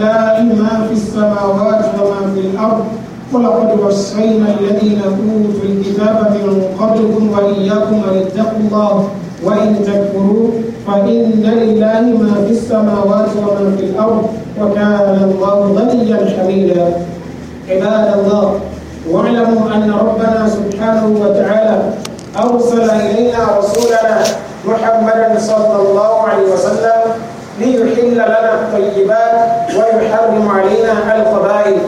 لله ما في السماوات وما في الأرض ولقد وصينا الذين أوتوا الكتاب من قبلكم وإياكم أن اتقوا الله وإن تكفروا فإن لله ما في السماوات وما في الأرض وكان الله غنيا حميدا عباد الله واعلموا أن ربنا سبحانه وتعالى أرسل إلينا رسولنا محمدا صلى الله عليه وسلم ليحل لنا الطيبات ويحرم علينا الخبائث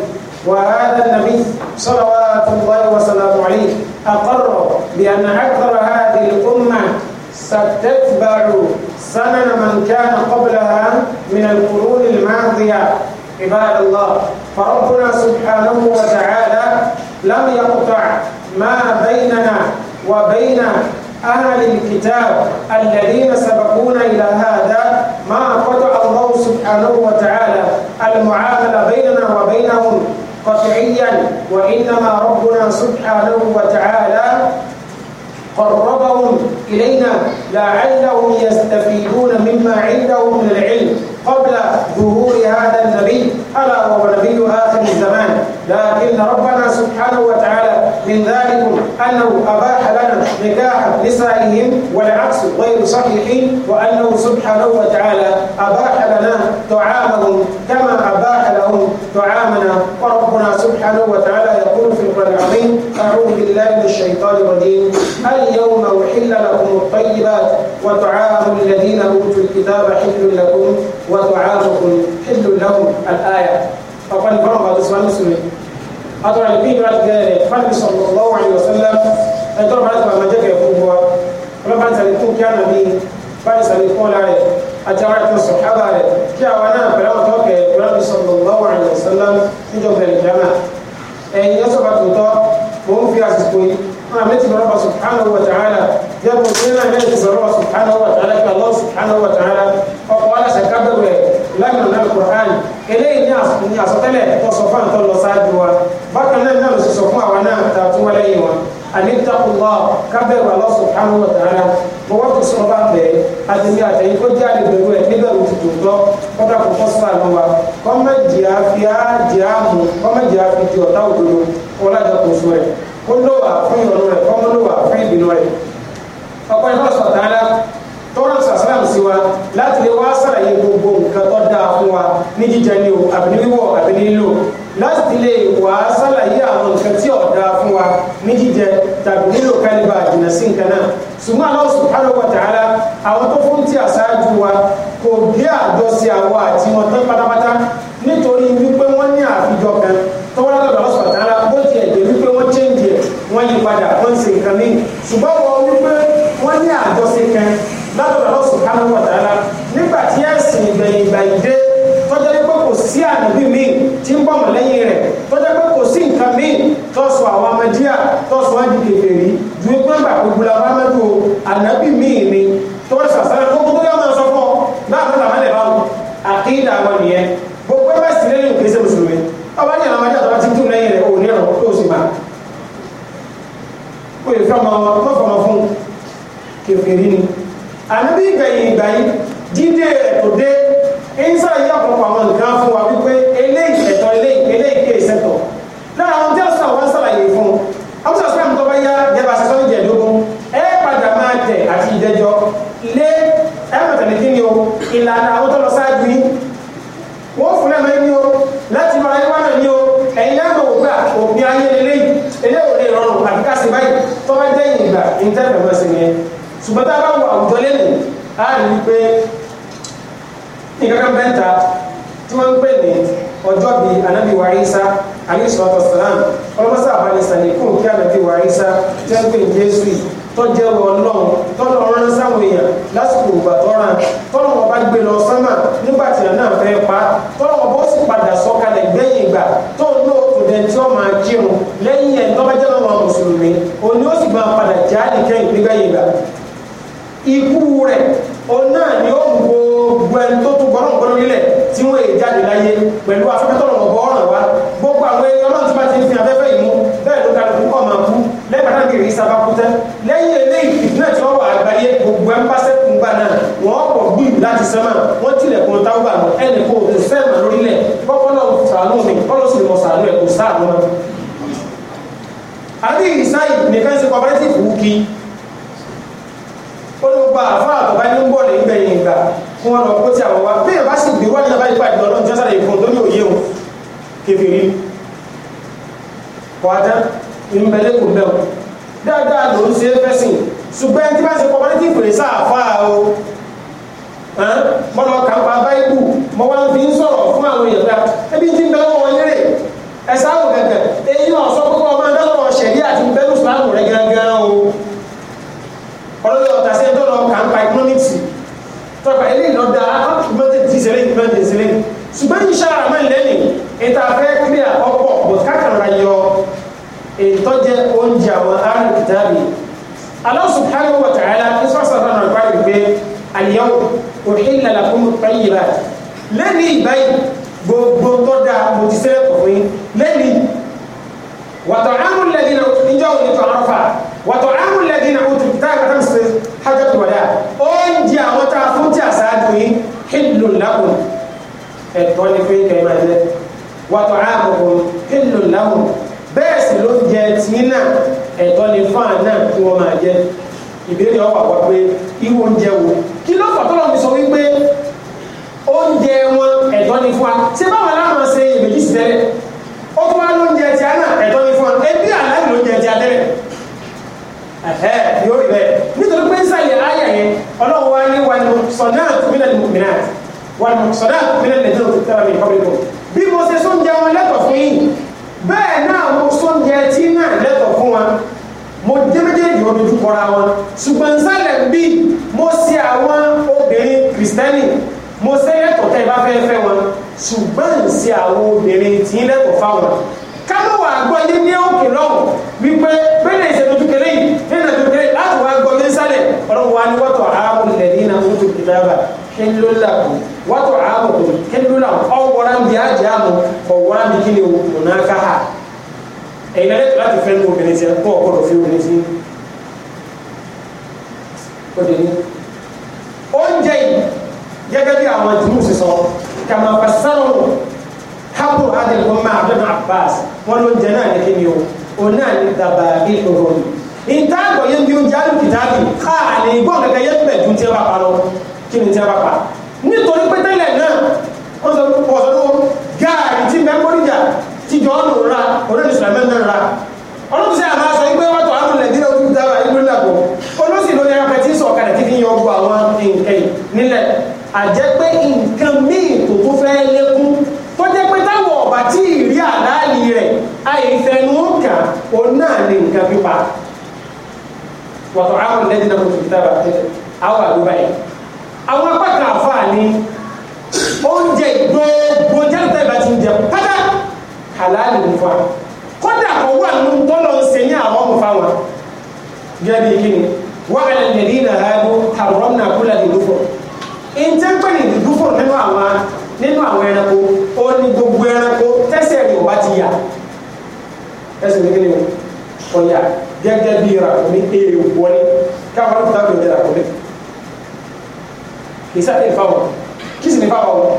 وهذا النبي صلوات الله وسلامه عليه أقر بأن أكثر هذه الأمة ستتبع سنن من كان قبلها من القرون الماضية عباد الله فربنا سبحانه وتعالى لم يقطع ما بيننا وبين أهل الكتاب الذين سبقونا إلى هذا ما قطع الله سبحانه وتعالى المعاملة بيننا وبينهم قطعيا وإنما ربنا سبحانه وتعالى قربهم إلينا لعلهم يستفيدون مما عندهم من العلم قبل ظهور هذا النبي ألا وهو نبي آخر الزمان لكن ربنا سبحانه وتعالى من ذلك أنه أباح لنا نكاح نسائهم والعكس غير صحيح وأنه سبحانه وتعالى أباح لنا تعاملهم كما أباح لهم طعامنا وربنا سبحانه وتعالى يقول في القرآن العظيم أعوذ بالله من الشيطان الرجيم اليوم أحل لكم الطيبات وطعام الذين أوتوا الكتاب حل لكم وطعامكم حل لهم الآية فقال فرغ هذا المسلمين مسلمين àtọ̀rọ̀ ìpín ìgbà ti gẹ̀rẹ̀ rẹ̀ fáàlì sallallahu alaihi wasallam ẹ̀tọ́ bá ti máa jẹ́kẹ̀ fún wa ọlọ́pàá ti sàlékún kí á nà bí fáàlì sàlékún ọ̀la rẹ̀ àti àwọn àti sọ̀hábà rẹ̀ kí àwa náà pẹ̀lú àwọn tọ́kẹ̀ fáàlì sallallahu alaihi wasallam níjọ bẹ̀rẹ̀ jama ẹ̀yin ẹ̀sọ́ bá tòótọ́ mò lẹ́nu náà Qur'an eléyìí ní ní àsọtẹ́lẹ̀ tó sọ fún àtọ́ lọ sáájú wa bákan náà náà ló sì sọ fún àwa náà tá a tún wá lẹ́yìn wa anittaqullah kábẹ́rù Allah subhanahu wa ta'ala mo wá tó sọ bá bẹ́ẹ̀ àtẹ̀mí àtẹ̀yìn kó jáde pẹ̀lú ẹ̀ níbẹ̀rù tuntun tọ́ kọ́dà kò fọ́ sílá lọ́wọ́ kọ́mẹ́jì àfíà jì àmú kọ́mẹ́jì àfi di ọ̀tá òdodo ọ̀làjà kò sọ rẹ̀ kó lówà fún ìrọ̀rùn rẹ̀ kọ́mọ́lówà fún ìbínú rẹ̀ ọ̀pọ̀ ìfọ̀sọ̀tà tọ́rọ̀ sàṣàràn sí wa láti lè wá sàlàyé gbogbo nǹkan tó dáa fún wa ní jíjẹ ní o àbí ní wíwọ̀ àbí ní lílò láti lè wá sàlàyé àwọn nǹkan tí ò dáa fún wa ní jíjẹ tàbí nílò kálíbà àjìnà sí nǹkan náà ṣùgbọ́n Allah subhanahu wa ta'ala àwọn tó fún tí àṣáájú wa kò gbé àjọṣe àwọn àti wọn tán pátápátá nítorí wípé wọ́n ní àfijọ kan tọ́wọ́lá lọ́dọ̀ Allah subhanahu wa ta'ala bó ti ẹ̀jẹ̀ wípé wọ́n chẹ́ǹdì ẹ̀ wọ́n yí padà wọ́n ń ṣe nǹkan míì ṣùgbọ́n wọ́n wípé wọ́n ní àjọṣe kan ànábì míì tí ń bọ̀mọ̀ lẹ́yìn rẹ̀ tó jẹ́ pé kò sí nǹkan míì tó sọ àwọn amadíà tó sọ àdì kèfèrí ju pé gbà gbogbo làwọn amadu ànábì míì ni tó rẹ̀ sàṣàlẹ̀ tó gbogbo yóò máa sọ fún ọ láàbù làwọn lè báwọn àkídà wọn nìyẹn gbogbo ẹ bá sì lẹ́yìn òkè ṣe mùsùlùmí ọba ní àwọn amadíà tó bá ti dùn lẹ́yìn rẹ̀ òun ní ọ̀rọ̀ tó sì ìlànà àwọn tó lọ sáájú yìí wọ́n fún ẹ̀mọ́ ẹni o láti mọ ẹni wánà ni o ẹ̀yin lẹ́nu ògbà òbí ayé lélẹ́yìn eléwò lè rọrùn àti káṣí báyìí tó bá jẹ́ ìgbà ìtẹ́fẹ̀mọ́ sí ni ṣùgbọ́n tá a bá wọ àwùjọ lẹ́nu á rí i pé nǹkan kan bẹ́ẹ̀ ta tí wọ́n ń pè ní ọjọ́ bí anabi wa Isa alayhi salatu wassalam ọlọ́mọsá àbálẹ̀ sàlẹ̀kùn kí anabi wa Isa jẹ́ pé jésù yìí tọ́jẹ́ wọ ọlọ́run tọ́lọ́ ọ̀rán sáwọn èèyàn lásìkò ìgbà tọ́ràn tọ́lọ́ wọn bá gbé lọ sánmà nígbà tí àná fẹ́ pa tọ́lọ́ wọn bó sì padà sọ̀kalẹ̀ gbẹ̀yìn ìgbà tó ń lò tó dẹ̀ tí wọ́n máa kírun lẹ́yìn ẹ̀ tọ́bajẹ́ lọ́wọ́ mùsùlùmí òní ó sì máa padà já nìkẹ́yìn nígbẹ̀yìn ìgbà ikú rẹ̀ òun náà ni ó mú gbogbo ẹni tó tún gbọ́dọ̀ gbọ́dọ̀ nílẹ̀ tí wọ́n èè jáde láyé pẹ̀lú afẹ́fẹ́ tọ́lọ̀ ọ̀bọ̀ ọ̀ràn wa gbogbo àwọn ẹni ọlọ́run ti bá ti fi afẹ́fẹ́ yìí mú bẹ́ẹ̀ ló kálukú kọ́ máa kú lẹ́ẹ̀kan náà kì í sábà kú tẹ́ lẹ́ gbogbo ẹnpasẹkù gbà náà wọn pọ gbìyànjú láti sẹmà wọn tilẹ̀kùn táwọn gbà lọ ẹnì kò tó fẹmà lórílẹ̀ kọkọlọ sànù mi kọlọ sì mọ sànù ẹ kò sànù wọn. àbí ìsáyì nìkan ṣe cooperative wù kí ó ló gba àfa àtọ̀bá ní ń bọ̀ lè ń bẹ̀yìn ìgbà kí wọ́n lọ kó tí àwọn wa bí ìbá sì gbé wá nígbà ìgbà ìgbà ọlọ́run jọ́sára ìfún tó ní òye o kébìrì kọ́ adá ń bẹ lẹ́kùn bẹ́ẹ̀ dáadáa ló ń ṣe é fẹ́sìn ṣùgbọ́n tí bá ṣe cooperative rẹ̀ sáàfà o mọ́ lọ kàn pa báyìbù mọ́ wá fi ń sọ̀rọ̀ fún àwọn èèyàn náà ebi tí ń bẹ lọ́wọ́ wọn lérè ẹ̀sà àwọn gẹ̀gẹ̀ èyí náà sọ pé ọmọ ẹgbẹ́ lọ́wọ́ ṣẹ̀dí àti bẹ́lú sùlámù rẹ̀ gángan o ọlọ́dọ̀ ọ̀tà sí ẹjọ́ lọ kàn pa economics tọ́pa eléyìí lọ da ápùmọ́tẹ̀ tí ìṣẹ̀lẹ̀ ìpínlẹ̀ ìṣẹ̀lẹ̀ ṣùgbọ́n iṣẹ́ ara mọ́ ìlẹ́yìn ìta fẹ́ kílíà ọ̀pọ̀ bọ̀t Allah subhanahu wa ta'ala kí sọ́sọ́ náà rẹ̀ báyìí pé àlìyáwó òhìnlá làkún báyìí bá lẹ́ni ìbáyìí gbogbo tó dáa mo ti sẹ́lẹ̀ kọ̀ fún yín lẹ́ni wàtò àmúl lẹ́dínà níjọ́ òní tó àrọ́fà wàtò àmúl lẹ́dínà òtù tá a kàtà sí hajjatu wàdà oúnjẹ àwọn tá a fún tí a sáájú yín hìlù lákùn ẹ̀tọ́ ní fún kẹ́ máa jẹ wàtò àmúl hìlù lákùn bẹ́ẹ̀ sì ló jẹ tìǹà ẹ̀tọ́ ni fáàn náà tí wọ́n máa jẹ ìbéèrè ọ̀pọ̀ àpọ̀ pé irú oúnjẹ wo kí ló fà tọ́lọ́ mi sọ wípé oúnjẹ wọn ẹ̀tọ́ ni fún wa ṣé báwọn aláwọ̀ ṣe ìbèjì sí tẹ́lẹ̀ ó tún wá lóúnjẹ tí a náà ẹ̀tọ́ ni fún wa ẹbí àláì lóúnjẹ tí a tẹ́lẹ̀ ẹ̀hẹ́ yóò rí bẹ́ẹ̀ nítorí pé sàlẹ̀ ayà yẹn ọlọ́run wá ní wal muhsanat minal mu'minat wal muhsanat minal ladina tẹ́lẹ̀ mi kọ́ bí mo ṣe sóúnjẹ wọn lẹ́tọ̀ fún yìí bẹ́ẹ̀ náà mo sọ́njẹ tí náà lẹ́tọ̀ fún wa mo jẹ́ méjèèjì wọn dojú kọra wọn ṣùgbọ́n sálẹ̀ bí mo ṣe àwọn obìnrin kìrìsìtẹ́nì mo ṣe lẹ́tọ̀ tẹ́ ẹ bá fẹ́ fẹ́ wọn ṣùgbọ́n ṣe àwọn obìnrin tí ń lẹ́tọ̀ fáwọn kámọ́ wà gbọ́ yé ní òkè lọ́wọ́ wípé bẹ́ẹ̀ ṣe dojú kẹlẹ́ yìí nínú dojú kẹlẹ́ láti wá gbọ́ yé sálẹ̀ ọlọ́wọ́ wa ni wọ́tọ̀ ààrùn hillu lakum wa ta'amukum hillu lakum aw waran bi ajamu ko waran bi kini kunaka ha e na le láti fẹ́ mo bene se ko ko do fi mo ni si ko de ni on jay gẹ́gẹ́ bí àwọn junu se so kama fasaru habu hadhihi al-umma abd abbas wa lo jana ni kini o ona ni dababi ohun in ta go jalu kitabi kha ni go ga yen be ju ba pa kí ni tí a bá pa nítorí pé tẹ́lẹ̀ náà wọ́n sọ pé pọ̀ sọ́dún gáàrí tí mẹ́kọ́nìjà tí jọ ọ̀nà ra orílẹ̀ ìsìlámẹ́ náà ra ọlọ́sẹ̀ àmà sọ pé wọ́n tó àwọn ilẹ̀ nílẹ̀ ojú dáwà ìlú làbọ̀ olóṣì ló ní apẹ tí sọ ọ̀kadà tí fi yan ọgbọ àwọn nǹkan nílẹ̀ àjẹ́ pé nǹkan míì tó tó fẹ́ lékún tó jẹ́ pé táwọn ọ̀bà tí ìrí àdáàlì rẹ̀ àìfẹnu kàn òun náà ní nǹkan pípa wọ́n tó àwọn ilẹ̀ ojú dáwà àwọn àdúgbò àwọn apákan àfáà ní oúnjẹ gbogbo jẹ́lẹ̀tẹ̀ ìbá ti ń jẹ pátá halali ń fa kódà kò wà ní tọ́lọ̀ ń se ní àwọn ọmọ fáwọn gẹ́bí kíni wà á lè ní ìnà ààbò àrùrọ̀ náà kúlà ìdúfọ̀ ìjẹ́pẹ̀ ìdúfọ̀ nínú àwọn nínú àwọn ẹranko ó ní gbogbo ẹranko tẹ́sẹ̀ rẹ̀ ọba ti yà ẹsẹ̀ ní kíni ọ̀yà gẹ́gẹ́ bí ìràkùnrin èèwọ̀ ni káwọn ń tàbí ìràkùnrin kì í sátẹ̀ ìfáwọ̀ kí sì ní fáwọ̀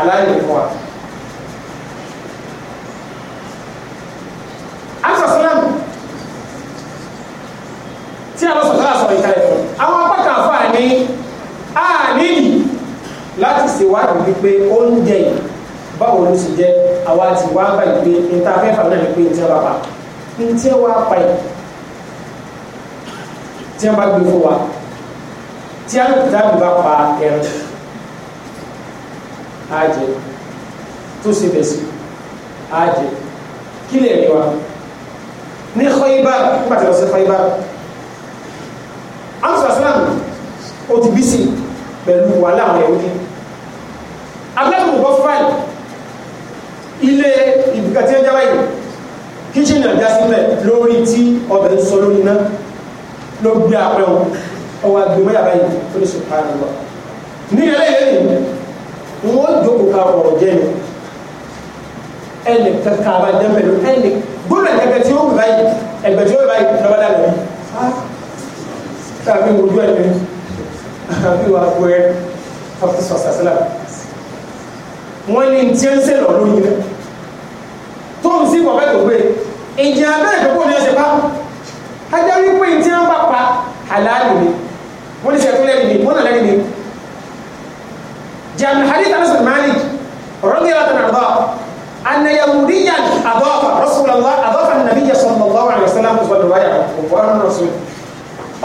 aláìlè fún wa. asọ̀sọ́lá tí a lọ sọ̀tọ́ àṣọ ìkàlẹ̀ fún àwọn apá kan fà ní àníyì láti ṣèwádìí wípé oúnjẹ yìí báwo ló ṣe jẹ́ àwa ti wá báyìí pé níta afẹ́fà náà ní pé ní tí a bá pa ní tí a wá pa yìí tí a bá gbé wa tí alùpùpù bá pa ẹran á jẹ tó ṣe bẹ̀ sí á jẹ kí lè rí wa ní Khaybar nígbà tí wọ́n ṣe Khaybar amsasalam o ti bí sí pẹ̀lú wàhálà àwọn ẹ̀wọ́n ní abúlé bọ́ fáìlì ilé ìbùkà tí ó jábáyì kíchìnì àdásílẹ̀ lórí tí ọbẹ̀ ń sọ lórí iná ló gbé apẹ́ wọn ọwọ́ agbèmọ́ yàrá yìí ó ní subhanallah ní eléyìí ni wọ́n jókòó ká ọ̀rọ̀ jẹ́ mi ẹnì kankan bá jẹ́ pẹ̀lú ẹnì gbọ́dọ̀ ẹgbẹ́ tí ó wù báyìí ẹgbẹ́ tí ó wù báyìí lọ́wọ́ dà lọ́wọ́ káàbí wojú ẹ̀ mi àbí wàá gbọ́ ẹ fọ́fún sọ̀sàsílà wọ́n ní tí ń sè lọ́ọ́ lóyún tó ń sí kọ̀ọ̀bẹ́ tó gbé ìjìnlẹ̀ abẹ́rẹ́ tó kò ní ọ̀sẹ̀ pa ajá wípé tí wọ́n bá pa àlàálù ni wọ́n ti sẹ́ tó lẹ́nu mi wọ́n nà lẹ́nu mi jami hadith anas bin malik radiyallahu anhu arda anna yahudiyan adafa rasulullah adafa nabiyya sallallahu alaihi wasallam fi riwaya bukhari rasul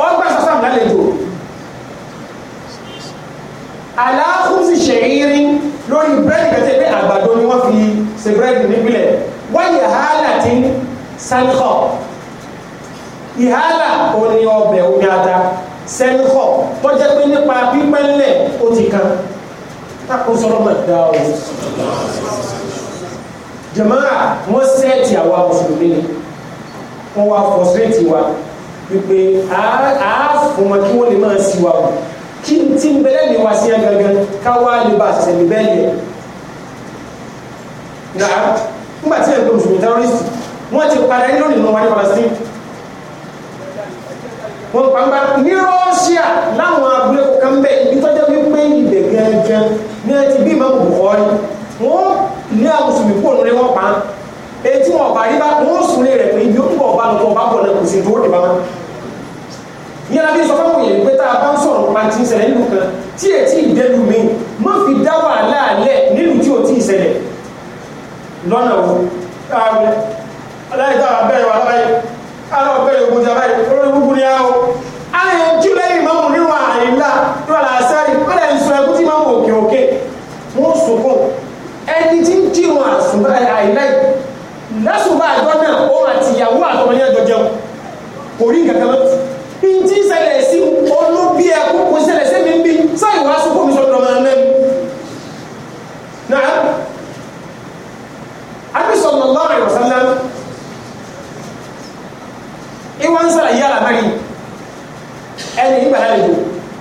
ọgbà sasam lálejò aláhùsì ṣèyírí lórí búrẹ́dì kẹtẹ́ pé àgbàdo ni wọ́n fi ṣe búrẹ́dì nípìnlẹ̀ wáyé hálà ti ń sáníkọ̀ ìhálà òní ọbẹ̀ tọ́jẹ́ pé nípa pípẹ́ ńlẹ̀ ó ti kan tako sọ́rọ́ mọ̀ dá o jàmáà wọ́n sẹ́ẹ̀tì àwa mùsùlùmí ni wọ́n wá fọ́sírẹ́tì wa wípé àáfò wọn kí wọ́n lè máa sí wa wọ̀ kí n tí ń bẹ́lẹ̀ ní wa sí agangan káwá lè bá sẹ̀lẹ̀ bẹ́ẹ̀ yẹ nígbà tí ẹ̀ ń pè mùsùlùmí terrorist wọ́n ti padà nínú ìnáwó wa ní Palestine wọn pàmpá ní rọ́ọ̀ṣíà láwọn abúlé kan bẹ ibi tọ́jọ́ wípé ibẹ̀ gẹ́gẹ́ ní ẹ ti bí ìmọ̀mù bùkọ́rí wọn ní àmùsùnmí kò ní wọn pa etí wọn ọba rí bá wọn sùn lé rẹ pé ibi ó ń bọ̀ ọba lọ́tọ̀ ọba bọ̀ náà kò sì dúró dìbà wọn yẹn la bí sọ fún òye pé tá a bá ń sọ̀rọ̀ nípa ti ìṣẹ̀lẹ̀ nílùú kan tí ètí ìdẹ́lu mi má fi dá wàhálà alẹ́ nílùú tí ò tí ìṣẹ̀lẹ̀ lọ́nà wo aláìsàn abẹ́rẹ́ wà lábáyé ara ọ̀gbẹ́ yòókù jaba yìí olórí kúkú ni àwọn àyè jù lẹ́yìn ìmáàmù nínú àìlá la làásárì wọ́n lẹ́yìn sọ ẹkú tí ìmáàmù òkè òkè wọ́n sunkún ẹni tí ń kírun àsùnbà àìlá yìí lásùnbà àjọ náà ó àti ìyàwó àtọmọ ní ẹjọ jẹun kò rí nǹkan kan lọ́tì bí n tí ń ṣẹlẹ̀ sí olóbi ẹkú kò ṣẹlẹ̀ sẹ́mi ń bí sáyìn wá sunkún mi sọ̀rọ̀ máa nẹ́ mi. náà àbí sallallahu alaihi wasallam ìwọ ń sàlàyé àlàmárì ẹni nígbà náà lèbo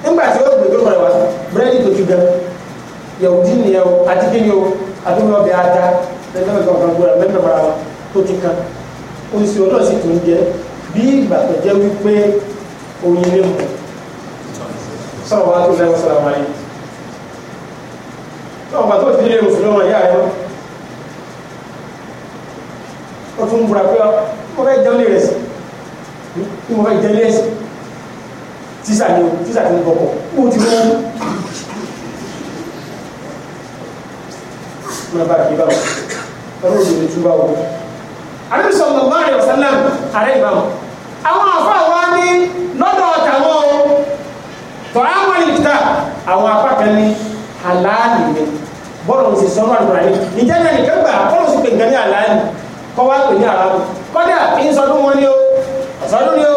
nígbà tí ó gbèdó padà wá búrẹ́dì tó ti gan yẹ̀wò dín nìyẹn o àti kí ni o àti mi ọbẹ̀ ata lẹ́gbẹ̀ẹ́ kankan gbọ́dọ̀ mẹ́fẹ̀ mara wa tó ti kan oṣù ọlọ́ọ̀sì tó ń jẹ bí ìgbà tó jẹ́ wípé oyin ní mu sọ̀rọ̀ wa tó lẹ́wọ̀ sọ̀rọ̀ wa yìí tọ́wọ́ bàtọ́ fi lé oṣù lọ́wọ́ ìyá rẹ̀ ó tún búra pé ó fẹ́ jẹun lè rẹ̀ sí i mo fẹ́ jẹ́ lẹ́sì tíṣà ni tíṣà ti ń bọ̀kọ̀ ó ti mú ma bá kí báwọn ọlọ́run ò lè tún báwọn. àbí sọ̀rọ̀ bá rẹ̀ ọ̀sánlẹ̀ ààrẹ ìbáwọn àwọn àfáà wa ní lọ́dọ̀ tàwọn o tọ́hámọ́ ìkìtà àwọn apá kan ní aláàlì ni bọ́ọ̀lù sì sọ́nà àdúrà ní ìjẹ́jẹ́ nìkan gbà bọ́ọ̀lù sì pè nǹkan ní aláàlì kọ́ wá pè ní aráàlì kọ́dà kí n sọdún wọn ní o ọ̀sán lórí o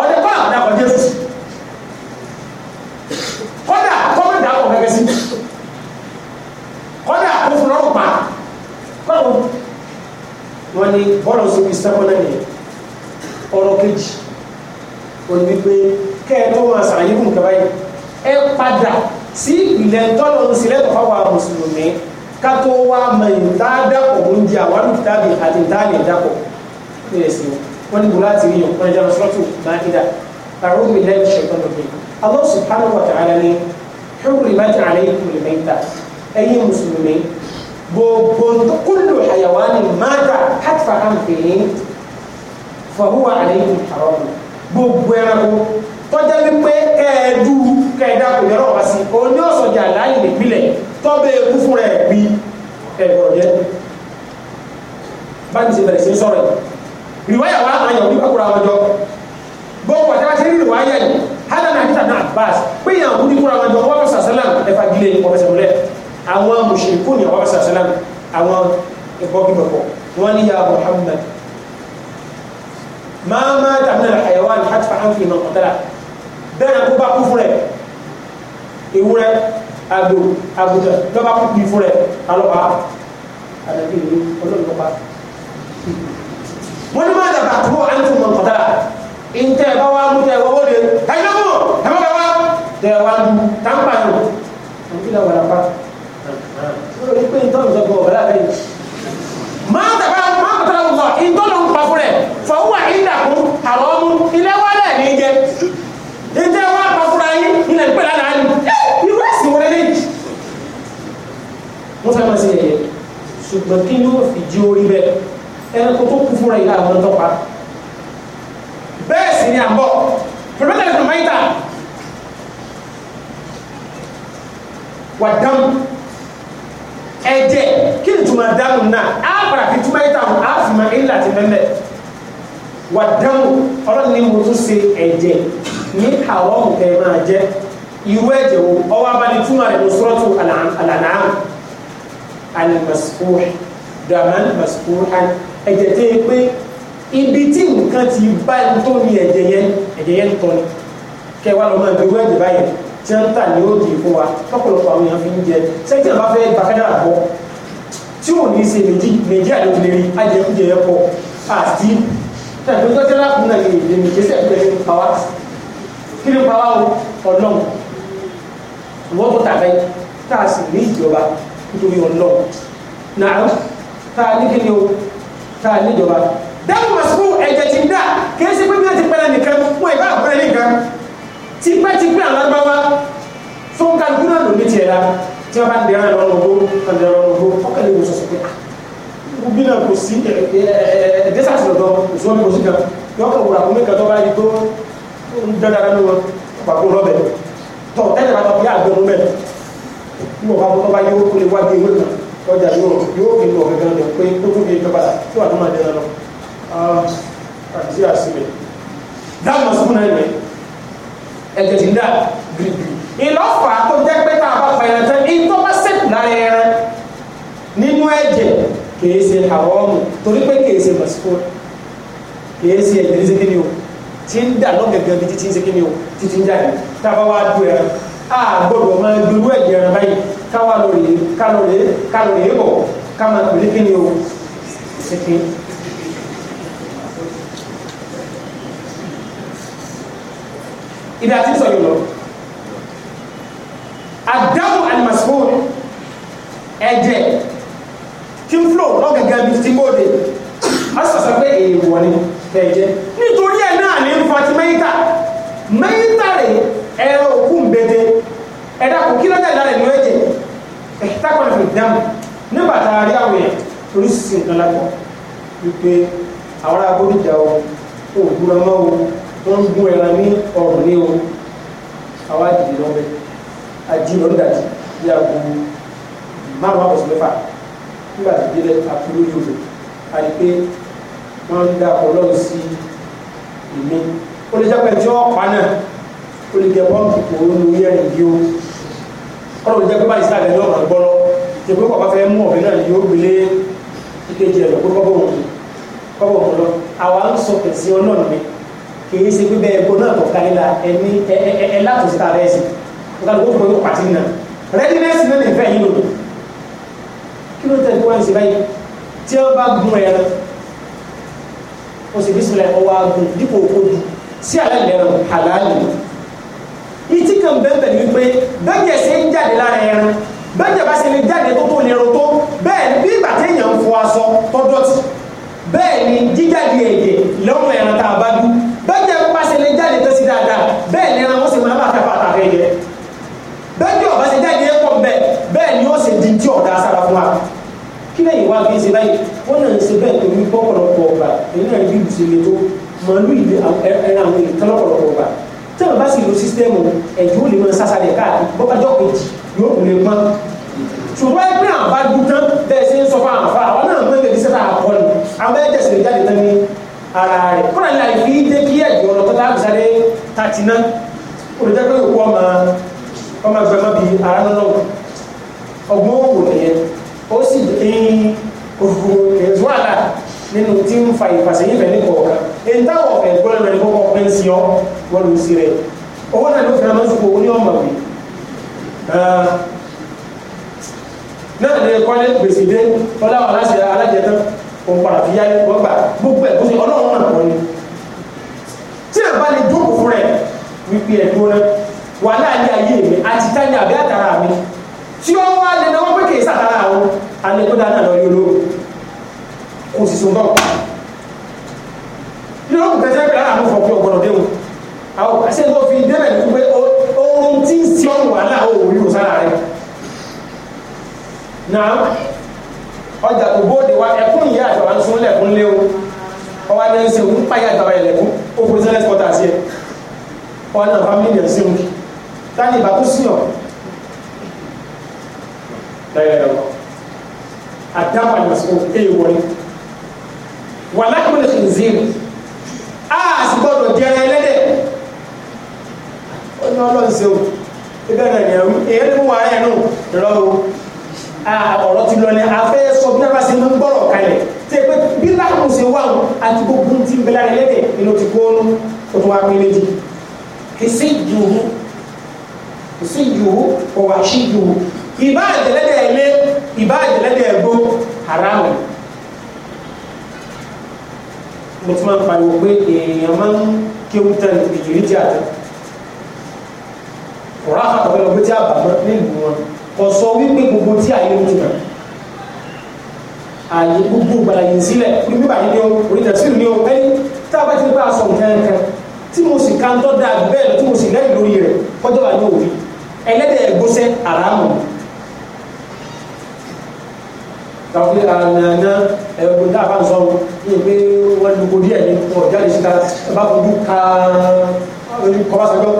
ọdẹ kọ́ àwọn dàpọ̀ jésù kọ́dà kọ́mọ dàpọ̀ gẹ́gẹ́ sí kọ́dà kó fún ọrùn pa báwo wọn ni bọ́ọ̀lù sí ibi sẹ́kọ́ndà nìyẹn ọ̀rọ̀ kejì òní wípé kẹ́ẹ̀tọ́ wọn àṣàyàn kùn kaba yìí ẹ padà sí ìpìlẹ̀ tọ́lọ̀ ń sílẹ̀ tó fáwọn mùsùlùmí ká tó wá mọ̀ ìta dàpọ̀ oúnjẹ àwọn àdúgbò tàbí àti ìta àlè dàpọ̀ ní ẹ̀sìn wọn wọ́n ní bò láti rí yàn wọ́n jáde sọ́tù mákìdá àwọn omi lẹ́yìn ṣẹ̀gbọ́n òbí Allah subhanahu wa ta'ala ni hurrimat alaykum al-mayta ẹ̀yin mùsùlùmí gbogbo kullu hayawanin mata hatfa anfihi fahuwa alaykum haram gbogbo ẹranko tọ́jà wípé kẹ́ẹ̀dú kẹ́ẹ̀dá kò yọrọ̀ wá sí i ọ̀sọ̀jà láyé nípìnlẹ̀ rìwáyà wa àwọn yahudi bá kúra wọn jọ gbogbo ọ̀tá ṣe rí rìwáyà yìí hàlẹ́ náà títà náà bá pé yàn kú ní kúra wọn jọ wọ́n sàṣẹ́lá ẹ̀fà gílé ọ̀fẹ́sẹ̀múlẹ̀ àwọn mùsùlùkù ni wọ́n sàṣẹ́lá àwọn ìbọ́gbìmọ̀pọ̀ wọ́n ní ya Muhammad máa máa tàbí náà àyẹ̀wò àti hàtìfà àǹfì náà ọ̀tẹ́lá bẹ́ẹ̀ náà kó bá kú fún rẹ̀ ewúrẹ́ àgbò àgùtàn lọ́ba kú bí fún rẹ̀ alọ́ba àdàbí ìlú ọlọ́ọ̀lọ́ba wọ́n ní máa dàgbà tó ẹ̀ ń fún wọn kọ̀dá ìntẹ̀ bá wà mú tẹ̀ wọ́wọ́ de tàyẹ̀kùn ẹ̀ mọ́ bá wà tẹ̀ wà lù tàǹpà yìí rẹ̀ ní suratu al-An'am al-masfuh daman masfuhan ẹ̀jẹ̀ tẹ́ ẹ pé ibi tí nǹkan ti bá ń tó ní ẹ̀jẹ̀ yẹn ẹ̀jẹ̀ yẹn tọ́ ni kẹwàá lọ́mọ ẹgbẹ́ wẹ́ẹ̀dì báyẹn tí wọ́n ń tà ní òdì fún wa lọ́pọ̀lọpọ̀ àwọn èèyàn fi ń jẹ sẹ́yìn tí wọ́n bá fẹ́ bàkádà bọ́ tí ò ní ṣe méjì méjì àlòkìlérí ajẹkújẹ yẹn pọ̀ àti tẹ̀gbẹ́tọ́tẹ́lá kùnà lè lè méjì sẹ́yìn pẹ̀lú pàwá kí ni pàwá o ọlọ́run wọ́n tó tàbẹ́ tá a sì ní ìjọba nítorí ọlọ́run náà tá a ní kí ni o tá a ní ìjọba dáhùn ẹ̀jẹ̀ ti dá kìí ṣe pé bí wọ́n ti pẹ́lẹ́ nìkan wọ́n ìbá àpẹẹrẹ nìkan tipẹ́tipẹ́ àwọn agbáwá tó ń kálukú náà lò ní tiẹ̀ la tí wọ́n bá ń dẹ̀rán lọ́nà ogbó kan dẹ̀rán lọ́nà ogbó ọkàn lè wò sọ̀sọ̀ pé ah, bí náà kò sí ẹ̀ẹ́dẹ́sàtì lọ́dọ̀ òṣùwọ́n mi kò sí kan yọ̀ọ́kàn wò àkómẹ́kà tó bá yí tó ń dáadáa lọ́wọ́ pàkó rọ́bẹ̀ tọ̀ tẹ́lẹ̀ bá tọ́kí àgbẹ̀mú mẹ́lẹ̀ ní ọba tó bá yóò kó lè wá bí ewé náà ọjà yóò yóò fi lọ gẹ́gẹ́ lọ pé tó kún bí ìjọba tí wà tó máa dẹ́ra lọ àti àṣìlẹ̀ dáàmà sùkún náà rẹ̀ ẹ̀jẹ̀ ti ń dà gbìgbì ìlọ́fà tó jẹ́ pé tá a bá fa ìrántẹ́ ìtọ́ bá sẹ́kù lára ẹran nínú ẹ̀jẹ̀ kìí ṣe àwọn ọmọ torí pé kìí ṣe màsíkò kìí ṣe ẹ̀jẹ̀ ní tí ń dà lọ́gẹ̀gẹ̀ bí títí ń ṣe kíni o títí ń jáde tábà wá du ẹran a gbọdọ̀ máa gbẹrú ẹ̀jẹ̀ ẹran báyìí káwa lóye kálóye kálóye bọ̀ ká máa pèlé kíni o ṣe kíni. ibi àti sọ yìí lọ adamu alimasipol ẹ̀jẹ̀ kí n fúlò lọ́gẹ̀gẹ̀ bí títí ń bóde a sọ sọ pé èèwọ̀ ni tẹ̀jẹ́ nítorí ẹ̀ náà ní ń fọtí mẹ́yìntà mẹ́yìntà rẹ̀ ẹ̀rọ òkú ń bẹ́tẹ́ ẹ̀dá kò kí lọ́jà ìlànà ìlú ẹ̀jẹ̀ ẹ̀kítà kan fi dáhùn nígbà tá rí àwọn èèyàn oríṣiríṣi nǹkan lápọ̀ wípé àwọn abódìjà o òògùn ọmọ o wọ́n ń gún ẹran ní ọ̀rùn ní o àwọn àdìdì lọ́bẹ̀ àdìdì lọ́dà bí aago márùn-ún àkọsílẹ́fà nígbà tí délẹ̀ àpolójú rẹ̀ àti pé wọ́n ń dá ọlọ́run sí ìmí ó lè jẹ́ pé tí wọ́n pa náà ó lè jẹ́ bọ́ǹkì kò ń lo yẹ́rìn bí ó ọlọ́run jẹ́ pé báyìí sáà lẹ́nu ọ̀ràn gbọ́rọ́ tí pé bàbá fẹ́ mú ọ̀bẹ náà yóò gbélé ìkejì ẹ̀ lọ́pọ̀ kọ́bọ̀ òun kọ́bọ̀ òun lọ àwa ń sọ pèsè ọlọ́run mi kì í ṣe pé bẹ́ẹ̀ kó náà tọ̀ka nílà ẹni ẹ látòsí ta rẹ̀ sí nǹkan tó kọ́ yóò pàtí nà readiness náà lè fẹ́ yín lò kí o sì bísímilà ọwọ́ agun dípò òkòdù sí àlẹ́lẹ́rọ àlàálì ìtì kan bẹ́ẹ̀ bẹ́ẹ̀ ni wípé bẹ́ẹ̀ ṣe ń jáde lára ẹran bẹ́ẹ̀ bá ṣe lè jáde tó tó lè ro tó bẹ́ẹ̀ bí ìgbà téèyàn ń fọ aṣọ tó dọ̀tí bẹ́ẹ̀ ni jíjáde ẹ̀jẹ̀ lọ́rùn ẹran tá a bá dú bẹ́ẹ̀ bá ṣe lè jáde tó sí dáadáa bẹ́ẹ̀ ni ẹran wọ́n sì máa bá ta bàtà rẹ̀ yẹ bẹ́ẹ̀ bí ọ̀bá jáde ẹ̀kọ́ bẹ́ẹ̀ bẹ́ẹ̀ ni ó ṣe di tí ọ̀dà sára fún wa kí lẹ́yìn wá fi ń ṣe báyìí wọ́n náà ń ṣe bẹ́ẹ̀ tó ní bọ́pọ̀lọpọ̀ ọgbà èyí náà bí ìlú ṣe le tó màálù ìlú ẹran àwọn èyí tán lọ́pọ̀lọpọ̀ ọgbà tí wọ́n bá sì lo sísítẹ́ẹ̀mù ẹ̀jú lè máa sásàlẹ̀ káàkiri bọ́bájọ́ kejì yóò lè pọ́n ṣùgbọ́n ẹgbẹ́ àbá dúdán bẹ́ẹ̀ ṣe ń sọ fún àǹfà wọn náà mọ̀ ẹgbẹ́ ìṣẹ́ta àkọlù àwọn ẹ̀jẹ̀ sì lè jáde tán ní ara rẹ̀ kọ́nà láì fi dé kí ẹ̀jẹ̀ ọ̀rọ̀ tó dáa sáré tàtí ná olùjẹ́pẹ́ òkú ọmọ ọmọ ẹgbẹ́ mọ́ bíi ara náà ọgbọ́n òwò nìyẹn ó sì dín gbogbo kẹ̀sù àlà nínú tí ń fa ìfàsẹ́yìn fẹ̀ ní kọ̀ọ̀kan èyí táwọn ọ̀fẹ́ gbọ́dọ̀ lọ ní kọ́kọ́ pé ń sí ọ wọ́n ló sí rẹ̀ owó náà ló fi hàn lọ́sùkò ó ní ọmọ mi náà ní kọ́lé gbèsè dé ọláwọ̀ aláṣẹ alájẹtán òun padà fi yáyé wọ́n gbà gbogbo ẹ̀ kó ṣe ọlọ́run náà kọ́ ni tí ẹ̀ bá lè jókòó fún rẹ̀ wípé ẹ̀ dúró náà wà láàyè ayé mi àti táyà àbí àtàrà mi tí ó wá lè náwó pé kìí sàtàrà àwọn alẹ́kọ́dá náà lọ yóò lóòrùn kò sì sùn bọ́ọ̀ nínú òkùnkùn tẹ́tẹ́ pẹ̀lú àwọn ọmọ ọ̀pọ̀ ọ̀gbọ̀nà déwò àwọn àṣẹ tó fi débẹ̀ ní pé ohun tí ń sí ọ̀rùn wà láà òwò yóò sára rẹ̀ náà ọjà tó bóde wa ẹkún ìyá àtàwọn ń sún lẹ́kún léwu ọwọ́ adé ń se ń páyà àtàwọn ẹ̀lẹ́kún ó kò sí ẹlẹ́sìkọ́tà sí ẹ ọ̀nà fámìlì ẹ̀ sí òun tani ìbátú sí ọ̀ dayɛrɛwa a daba nasɔn e ye wɔri wala kɔmi zinzin aa sigbɔdɔ jɛrɛ lɛdɛ o ní ọlọ́run ṣe o e bẹ́ẹ̀ nà ẹ̀rù èyí ni mo wà ẹ̀ nù lọ o aa ọ̀rọ̀ ti lọ ní afẹ́ sọ bí wọ́n bá ṣe ń gbọ́rọ̀ kalẹ̀ tẹ́ pé bí láàmú ṣe wà o àti gbogbo ti ń bẹ̀rẹ̀ lẹ́dẹ̀ inú ti kó nu o tún wá pé méjì kìsì jùhù kìsì jùhù ọ̀wà sí jùhù ìbá àjẹlẹ́dẹ̀ ilé ìbá àjẹlẹ́dẹ̀ ẹ̀gbó haramu mo ti máa ń pariwo pé èèyàn máa ń kéwú tán ìjòyè tí a tán ọ̀rọ̀ àkàtọ̀ lọ pé tí a bà mọ́ nílùú wọn kò sọ wípé gbogbo tí àyè ń tìmọ̀ àyè gbogbo gbàlàyé sílẹ̀ wípé bàyè ni ó oríta sí ni ó ẹni tá a bá ti bá a sọ nǹkan kan tí mo sì kàn tọ́ da bẹ́ẹ̀ lọ tí mo sì lẹ́yìn lórí rẹ̀ kọjọ́ wa ní òbí ẹlẹ́dẹ̀ẹ́gbọ́sẹ̀ àràmù tàbí ànàná ẹ̀rọ tá a bá ń sọ ní pé wọ́n lu orí ẹ̀ ní ọ̀já lè ṣe ká ẹ bá fojú ka kọ́básọ́jọ́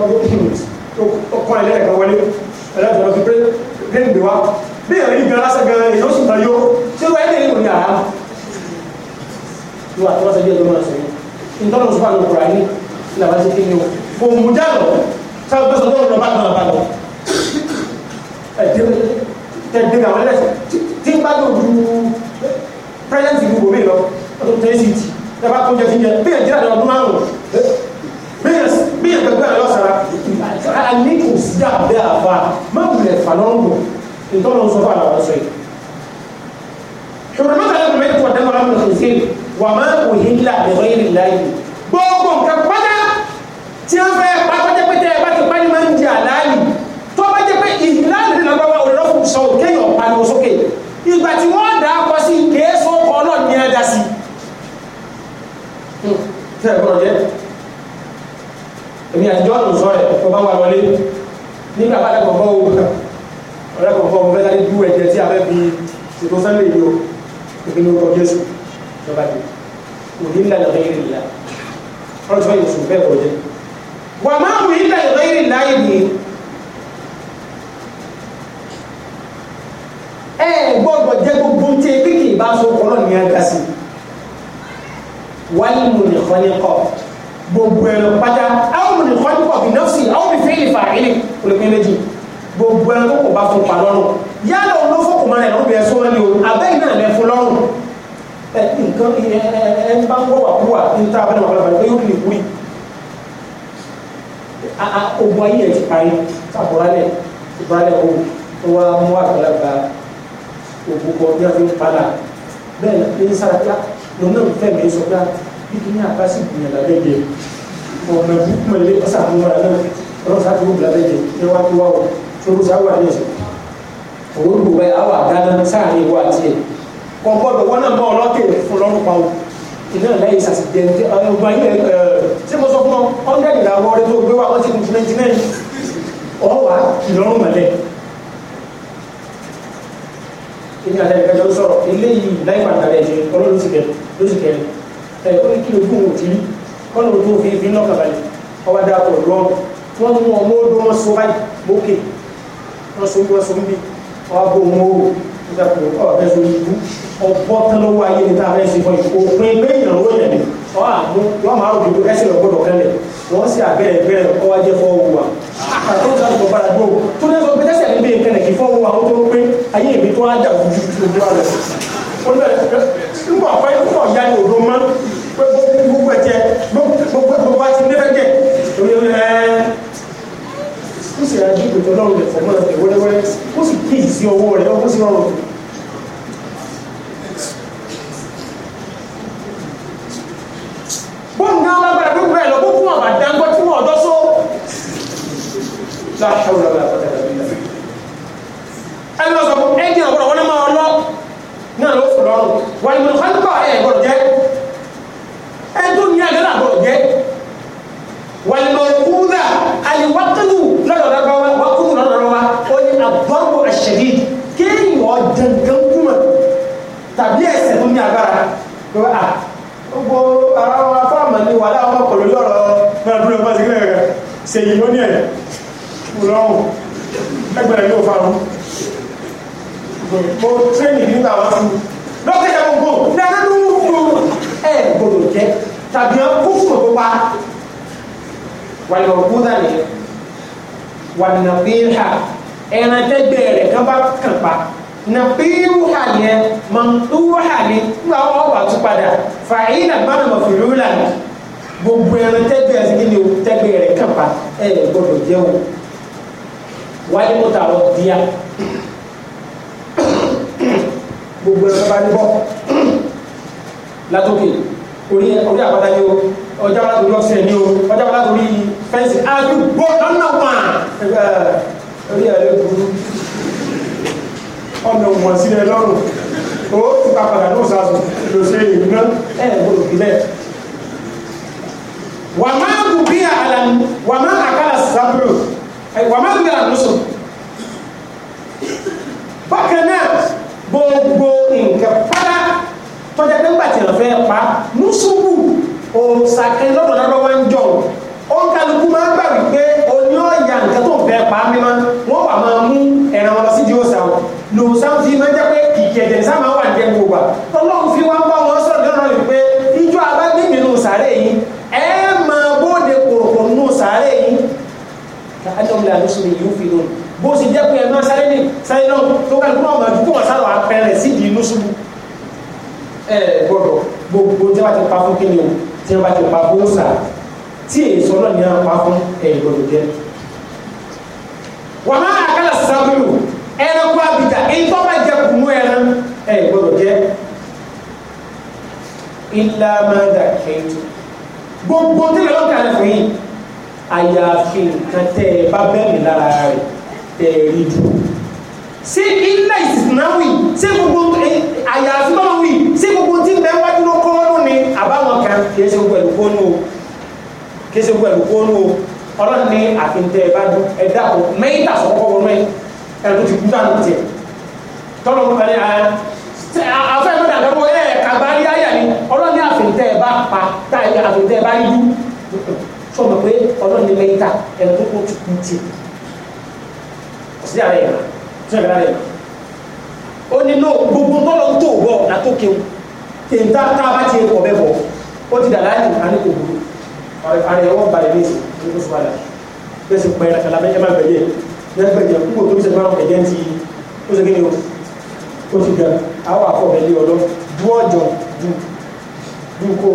tó kọ́ ẹ lẹ́ẹ̀kan wọlé ẹlẹ́dùn lọ sí pé pé ń gbé wa bí ẹ̀rọ yìí gan lásán gan èyí ó sì máa yó tí ó wáyé lè nínú ní àrá ló wà tí wọ́n ṣe bí ẹjọ́ máa sọ yìí nítorí oṣù fáwọn ọkùnrin àní làwọn ti kí ni o kò mú já lọ sáwọn gbèsè lọ́wọ́ lọ́ba náà bá lọ ẹ̀ẹ́dẹ́gbẹ̀rún ẹlẹ́sẹ̀ tí n bá lò ju pẹ́lẹ́ntì gbogbo mi lọ ọdún tẹ́ sí ti ẹ bá tó jẹ fi jẹ bí ẹ̀jẹ̀ àdán ọdún márùn bí ẹ̀jẹ̀ gbẹ̀rẹ̀ lọ́sàrà a ní kò sí àbẹ́ àfa má wulẹ̀ fà lọ́rùn ìtọ́nà sọ fún àwọn sọ yìí. ṣùgbọ́n mọ́tà lẹ́nu mẹ́rin kọ̀ dẹ́mọ̀ lámùlẹ̀ kò sí wà má kò yé ńlá àbẹ̀wọ̀ yé ńlá yìí. gbogbo nǹkan pátá tí wọ́n fẹ́ pátápátá bá ti pálí máa ń di àlàyé tó bá jẹ́ pé ìlànà ìdílé ìgbà tí wọ́n dà á kọ sí kéésù ọkọ̀ ọlọ́ọ̀ ní ẹja sí tẹ́ hmm. ẹ̀kọ́ jẹ́ èmi àtijọ́ ọ̀nà sọ rẹ̀ tó bá wà wọlé nígbà bá lẹ́kọ̀ọ́ bọ́ owó kan ọ̀rẹ́kọ̀ọ́ bọ́ ọmọ fẹ́lá ní dú ẹ̀jẹ̀ tí a fẹ́ fi ṣètò sẹ́lẹ̀ yìí o ìpinnu ọkọ̀ jésù tó bá dé òní ńlá lọ́kẹ́ yìí nìyà ọ̀rọ̀ tí wọ́n yóò sùn bẹ́ẹ̀ kọjá wà máa wù í lẹ́yìn lẹ́yìn láyé ẹ gbọ́dọ̀ jẹ́ gbogbo ń tẹ pé kì í bá so kọ́nà ní ẹja sí wàá mú ní kọ́níkọ́ gbogbo ẹ̀rọ pátá àwọn mú ní kọ́níkọ́ bí náà sì àwọn mìíràn ìlè fà ilé olùkọ́ méjì gbogbo ẹ̀rọ kò bá fún pa lọ́rùn yálà òun ló fọkùn mọ́ra ẹ̀rọ bẹ̀rẹ̀ sọ́wọ́ ni o abẹ́yìn náà lẹ́ fún lọ́rùn ẹ nǹkan ẹ ẹ ń bá ń wọ́wà kúwà ní tá a bá náà wọ́n lọ́wọ́ yóò lè wúri ogun ayé ẹ̀ ti parí tàbúrálẹ̀ tàbúrálẹ̀ owó tó wá mú àgbàlagbà òkúkọ bí wọ́n fi ń padà bẹ́ẹ̀ ni ní sára pé lòun náà fẹ́ mi sọ pé bíbí ah, ní àbá sì gbìyànjú àbẹ́jẹ ọ̀nà ìbùkún ilé ọ̀sán àmúra náà ọlọ́run sáà tó gbìyànjú àbẹ́jẹ ẹ wá tó wá o èmi àti ẹ̀ka jọ sọ̀rọ̀ eléyìí láì pàtà rẹ̀ ṣe kọ́ lóṣù kẹ lóṣù kẹrin ẹ̀ ó ní kí ojú wò ti rí kọ́nà ojú òfin fi lọ́kàn balẹ̀ ọba dà pọ̀ lọ́n wọ́n mú ọmọ odó wọn so báyìí mókè wọ́n so wọ́n so níbi ọba o nígbà tó ọba fẹ́ so ibú ọgbọ́ tán lọ́wọ́ ayé ni tá a fẹ́ ṣe fún yìí òpin pé ìyàwó yẹn ni wọ́n àkàtó ti láti bọ̀ bára gbó tó ní ẹ̀sọ́ pé tẹ́sẹ̀ ń gbé nǹkan fọ́wọ́ àwọn tó ń pé ayé èmi tó á dà ojú ju ojú àlọ́ ó lọ nígbà pẹ́ nígbà ọ̀yá ni òdo mọ́ gbogbo ẹ̀jẹ̀ gbogbo àti nífẹ̀ẹ́jẹ̀ ó sì rájú ìpètò ọlọ́run rẹ̀ fọ̀mọ́ rẹ̀ wẹ́rẹ́wẹ́rẹ́ ó sì kí ìsí ọwọ́ rẹ̀ ó sì rọrùn náà lágbára gbogbo ẹ̀ lọ fún àbàdá láàárọ̀ lọ́la ẹni lọ sọ fún ẹjìn àbúrò wọn máa lọ náà ló fò lọ́rùn wà ní mọ̀lẹ́kọ́ nípa ẹ̀ gbọ́dọ̀ jẹ́ ẹdún ní àgbẹ̀lá gbọ́dọ̀ jẹ́ wà ní mọ̀lẹ́kúdà àlìwákàlù lọ́dọ̀ lọ́wọ́ wákùnù lọ́dọ̀ lọ́wọ́ ó ní àbọ̀rù àṣẹ̀dí kéèyàn ọ̀dẹ̀gàn kúmọ̀ tàbí ẹ̀sẹ̀ tó ní agbára ló à gbogbo ara wọn afọ àmọ́ ni wàhálà ọmọkùnrin lọ́rọ̀ náà dúró bá ti gbẹ̀rẹ̀ sèyí ó ní ẹ̀yà kùlọ́hùn lẹ́gbẹ̀rẹ̀ yóò fa wọn mo tẹ́lẹ̀ nígbà wọn fún lọ́kẹ́ ìjà gbogbo náà ló ń mú ẹ̀ gbọdọ̀ jẹ́ tàbí wọn kú fún òkú pa wàlẹ̀ òkú dàní wàlẹ̀ bíhà ẹran tẹ́gbẹ̀ẹ́ rẹ̀ kan bá kàn pa nàpíhù hà yẹn mọ̀túwù hà ní nígbà wọn wà padà fàáyínà gbọ́dọ̀ mọ̀ fìlú lànà gbogbo ẹran kan pa ẹ̀ gbọdọ̀ jẹ́ wáyé mọ́tà wọn díà gbogbo ẹ̀rọ bá ní bọ́ látòkè orí orí àpáta ni o ọjà wọn látòrí ọ̀sẹ̀ ni o ọjà wọn látòrí fẹ́ǹsì àdúgbò lọ́nà wà orí ẹ̀rọ burú ọ̀nà òmùwọ̀n sílẹ̀ lọ́rùn ó ti pa padà lóòsà sùn lòsè ìgbìmọ̀ ẹ̀ gbọdọ̀ fi bẹ́ẹ̀ wàmá àkùbí àlàm wàmá àkàlà sábúrò wàmẹ́gbẹ́ àlùsùn bákan náà gbogbo nǹkan pátá tọ́jà nígbà tí ẹ̀rọ pa mùsùlùmù òsàkẹ́ lọ́dọ̀ lọ́dọ̀ wá ń jọ òun kálukú máa ń gbà wípé oní ọ̀yà nǹkan tó ń fẹ́ pa mímá wọ́n wà máa mú ẹ̀ràn wọn lọ sí jíọ́sà lòsàn fi máa jẹ́ pé kìkì ẹ̀jẹ̀ sáà máa wà ní ẹ̀kọ́ wa ọlọ́run fi káàdùn la lóṣù mi yóò fi lónìí bó ṣe jẹ́ pé ẹ máa sáré ní sáré náà tó ká lóko àwọn àdúgbò wọn sáré àpẹẹrẹ sí di lóṣù ẹ gbọ́dọ̀ gbogbo tí wọn ti pa fún kíni o tí wọn ti pa fún sà tí èso náà ní wọn pa fún ẹ gbọ́dọ̀ jẹ. wàhálà àkàlà sábẹ́rù ẹranko àbíjà èyí tó bá jẹ kùnú ẹran ẹ gbọ́dọ̀ jẹ ilá máa dà kéètù gbogbo tí lọ́ọ̀kì àlẹ́ fún yìí àyàfi nǹkan tẹ́ ẹ bá bẹ́ẹ̀ mi lára rẹ̀ tẹ́ ẹ rí jù ṣé ilé ìsìnáwì ṣé gbogbo àyàfi náà wì ṣé gbogbo tí bẹ́ẹ̀ wájú ló kọ́ ni àbáwọn kan kì ṣe gbogbo ẹ̀lú kónú o kì í ṣe gbogbo ẹ̀lú kónú o ọlọ́run ní àfihàn ẹ̀ bá dún ẹ̀dá kò mẹ́yìn tà sọ́kọ́ wọn mẹ́yìn ẹ̀rọ tó ti kú dànù tiẹ̀ tọ́lọ́ mú pẹ̀lú afẹ́ mi dàgbà bọ́ ẹ̀ kàgbárí ayà ni ọlọ́run ní àfihàn ẹ̀ bá pa táyà àfihàn ẹ̀ bá yíjú sọmọ pé ọlọ́run ní mẹ́ta ẹni tó kó ti kú ti ọ̀sìn àárẹ̀ yàrá tí wọ́n gbára rẹ̀ ó ní ló gbogbo tọ́lọ̀ ń tò wọ́ látó kéwù tèǹtà tá a bá ti kọ̀ bẹ́ bọ̀ ó ti dà láàyè àní kò burú àrẹ ọwọ́ balẹ̀ ní ìsìn ní oṣù wàlà bẹ́ẹ̀ sì pẹ́ ẹ̀rọ kàlà bẹ́ẹ̀ máa gbẹ̀yẹ bẹ́ẹ̀ gbẹ̀yẹ kúkò tó ń sẹ́ni máa gbẹ̀yẹ ti ó ṣe kí ni o ó ti gan àwọn àfọ̀bẹ̀lẹ̀ ọlọ́ ju kó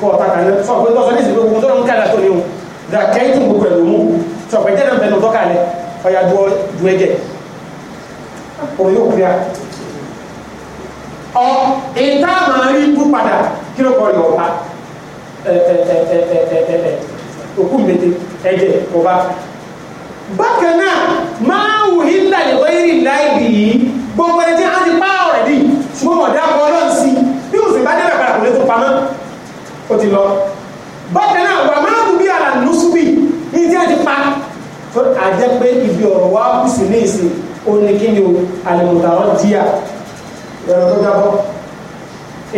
kọ́ ọ̀tá kan lẹ́ sọ pé tọ́sọ ní ìsìnkú ogun tó ń kàlà tó ní o dà kẹ́yìn gbogbo ẹ̀ ló mú sọ pé jẹ́nà bẹ̀rẹ̀ tọ́ka lẹ ọ̀yà ju ju ẹ̀jẹ̀ òun yóò kúrẹ́ ọ ìta máa rí bú padà kí ló kọ́ ọ̀yọ̀ ọ̀tá òkú mẹ́tẹ́ ẹ̀jẹ̀ ọba bákan náà máa wù hílà lè wáyé rí láì bì yìí gbogbo ẹ̀ tí a ti pa ọ̀rẹ́ dì ṣùgbọ́n ọ̀dà ọlọ́run sí i àdúlé tó pamọ́ ó ti lọ bákan náà wà máa bù bí ara lùsùbì ní tí a ti pa tó àjẹ́ pé ibi ọ̀rọ̀ wa kù sí ní ìsìn ó ní kí ni o àlèmọ̀tàrọ̀ díà ẹ̀rọ tó jábọ́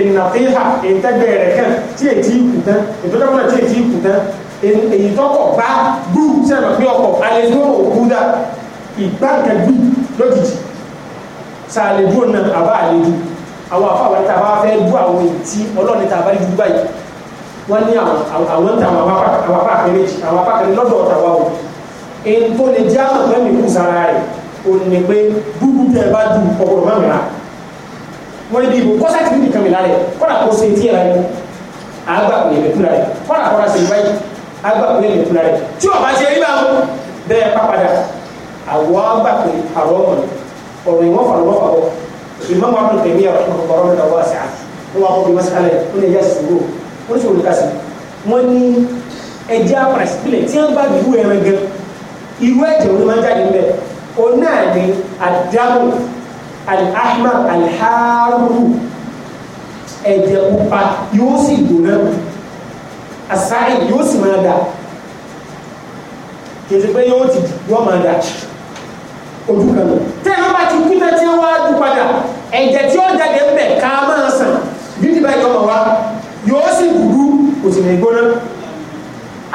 ìnàfíhà ìtẹ́gbẹ́ rẹ̀ kàn tí ètí ìkù tán ìtọ́jọ́ náà tí ètí ìkù tán èyí tọ́kọ̀ gbá gbú sẹ́nà pé ọkọ̀ alẹ́dúró òkú dá ìgbà nǹkan gbú lójijì sàlẹ̀dúró náà àbá àlejò àwọn àfáà wọn ta bá fẹ́ bú àwọn èyí tí ọlọ́ni ta bá rí dúdú báyìí wọ́n ní àwọn ta àwọn apá àkẹrẹ́jì àwọn apá àkẹrẹ́ lọ́dọ̀ ọ̀tà wa o èyí tó lè jẹ́ àwọn ọ̀pẹ́ mi kú sára rẹ̀ o ní pé dúdú tẹ bá du ọ̀pọ̀lọpọ̀ máa mìíràn wọ́n ibi ìbò kọ́sá ti ní nìkan mìíràn rẹ̀ kọ́nà kó se tí ẹ̀rọ yẹn àgbà kò lè lẹ́kúnra rẹ̀ kọ́nà kọ́nà se ìbáyìí àgbà kò lè rẹ̀ tí ọ̀bá الإمام ابن تيمية رحمه الله رحمة واسعة هو أقول بمسألة هنا يا سلوك wọ́n sì wọ́n kásì wọ́n ní ẹjẹ́ apàṣẹ ìpìlẹ̀ tí wọ́n bá dùbú ẹran gan irú ẹ̀jẹ̀ wọn máa ń jáde níbẹ̀ ó náà ní àdámù alahmar alharuhu ẹ̀jẹ̀ pupa yóò sì ojú kan lọ tẹ́ ẹ bá ti kú tẹ́ tí wọ́n á dùn padà ẹ̀jẹ̀ tí ó jáde ń bẹ̀ ká máa sàn bíbí bá ìjọba wa yóò sì dúdú kò sì ní gbóná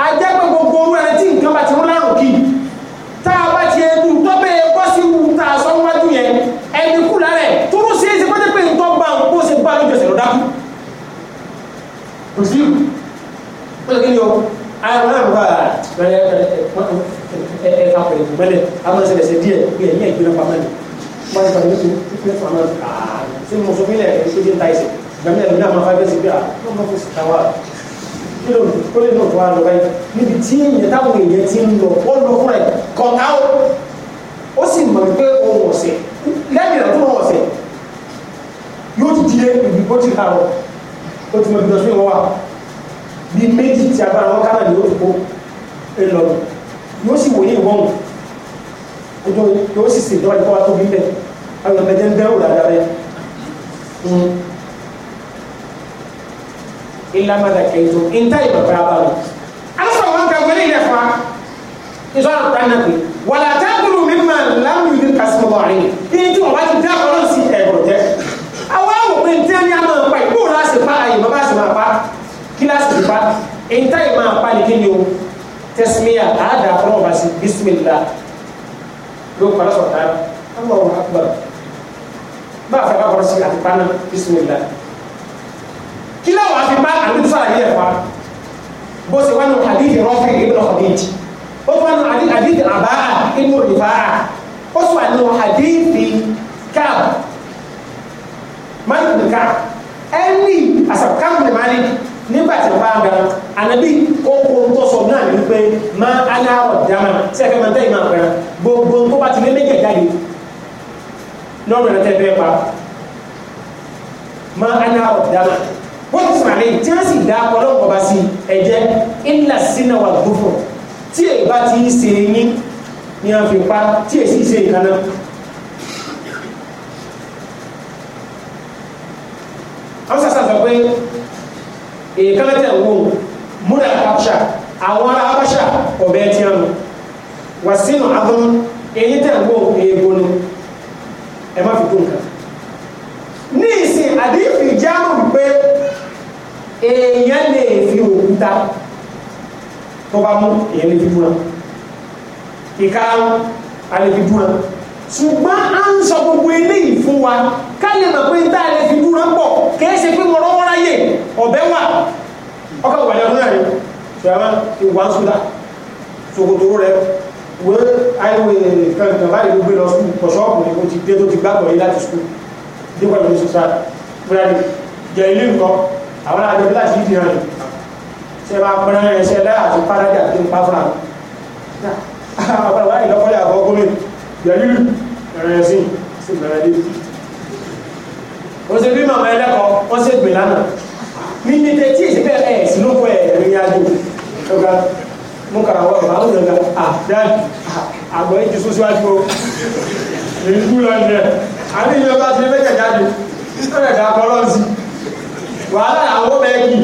ajẹ́ pé gbogbo orú ẹni tí nǹkan bá ti rún lárùn kì í tá a bá ti ẹnu tó bẹ́ẹ̀ kọ́ sí wù tá a sọ wájú yẹn ẹni kú lára ẹ̀ tó rú sí ẹsẹ̀ pé nǹkan bá ń kó ṣe bá lójọsẹ̀ lọ́dákú. kò sí ìlú ó lè kí ni o àwọn ah, náà wà bẹ̀rẹ̀ ẹ ẹ ká pẹ̀lú mẹ́lẹ̀ àwọn ẹsẹ̀ ẹsẹ̀ díẹ̀ bí ẹ̀yìn ẹ̀gbẹ́ náà pamẹ́lẹ̀ wọ́n ti pàdé nítorí pípẹ́ fàmà àà sí mo sọ fún ilẹ̀ ẹ̀ṣẹ́ díẹ̀ táyì sí gbẹ̀mí ẹ̀mí náà máa fà bẹ́ẹ̀ sí pé à ah, wọ́n máa fò sí tàwa kí ló kó lè náà tó wà lọ báyìí níbi tí èèyàn ọ̀sẹ̀ yóò ti di ẹ̀ ìbí ó ti kà ó ó ti mọ̀ ibi lọ sí ìwọ́n wa bíi méjì tí agbára wọn kánà ni ó fi kó e lọ yóò sì wòye ìwọ̀n ojú yóò sì sè dọ́wọ́ ìkọ́wá tóbi bẹ́ẹ̀ àwọn ọmọdé ń bẹ́ẹ̀ wò dáadáa rẹ̀ hmm. ìlànà kẹjọ ìntà ìbàbà abalọ. alásọ̀rọ̀ wọn kan wọlé ilẹ̀ fa ìṣọ́ra kura náà pé wàlá tábìlù mi máa lámì ìdí kásìmọ̀ àárín ní tí wọn bá ti dá ọlọ́run sí ẹ̀rọ jẹ́. àwọn àwọn òpin tí wọn ní àmọ́ ìpa ìkóòrò àṣepá àyè bàbá àṣepá kíláàsì nípa èyí táyì máa pa ní kí ni o tẹ́símíyà àádà fọlọ́wọ́ bá sí bísímìlá yóò kọ́ lọ́sọ̀rọ̀ tán ọmọ wọn akpọ̀ bá a fẹ́ bá kọ́rọ́ sí àti pa náà bísímìlá kíláwọ̀ àfi bá àdúgbò àyè ẹ̀fà bó ṣe wá nù àdìdì rọ́fì ìbùnà ọ̀dẹ́jì ó tún wá nù àdìdì àbáà ìbùnà ìbáà ó tún wá nù àdìdì káàbù máyì nìkan ẹni àsàkáàbù ní máa ní nígbà tí wọ́n bá ń ànábì kókó tó sọ náà ní pé má aláwọ̀ dáná sí ẹ̀kẹ́ máa ń tẹ́yìn máa pẹ̀rẹ̀ gbogbo tó bá ti lé méjì jáde lọ́rùn rẹ̀ tẹ́fẹ́ pa má aláwọ̀ dáná wọ́n ti sọ̀rọ̀ àlẹ́ tí wọ́n sì dá ọlọ́pàá bá sí ẹ̀jẹ̀ ńlá sínú wà gbófò tí èyí bá ti ń ṣe yín ni a fi pa tí èyí sì ṣe ìkànnà àwọn sàṣà sọ pé èkálẹ́tẹ̀ wo múra abṣà àwọn ará abṣà ọ̀bẹ ẹtì wasi wà sínú eyi èyí tẹ̀ wo èèbò ni fi kó nǹkan. ní ìsìn àdéhùn ìjáàmù wípé èèyàn ṣùgbọ́n a ń sọ gbogbo eléyìí fún wa ká lè mọ̀ pé tá a lè fi dúró pọ̀ kìí ṣe pé mo rọ́wọ́ ráyè ọ̀bẹ wà ọkọ̀ wà lẹ́nu náà ni ṣùgbọ́n ìwà ń sùdà ṣòkòtò rẹ wo àìwé kankan báyìí ló gbé lọ sùn kọ̀ṣọ́ọ̀kù ni mo ti dé tó ti gbàgbọ́ yìí láti sùn dípò ìlú sùn sáà búrẹ́dì jẹ ilé nǹkan àwọn àjọ láti c'est On on a vu là s'est yẹ̀lú ẹ̀rẹ̀ sí sí bẹ̀rẹ̀ dé wọ́n ṣe bí màmá ẹlẹ́kọ̀ọ́ wọ́n ṣe gbè lánàá ní ní tẹ́tí ìsìnkẹ́ ẹ̀ sínú kọ́ ẹ̀ ẹ̀rìn àjò ọ̀gá mú kàrà wọ́n ọ̀gá ó il y a èjì sósì wájú o du. kú lọ nìyẹn àbí ìjọba ti fẹ́ jẹ̀jáde ó lẹ̀ dà bọ́lọ́ sí ça àwọn mẹ́ẹ̀kì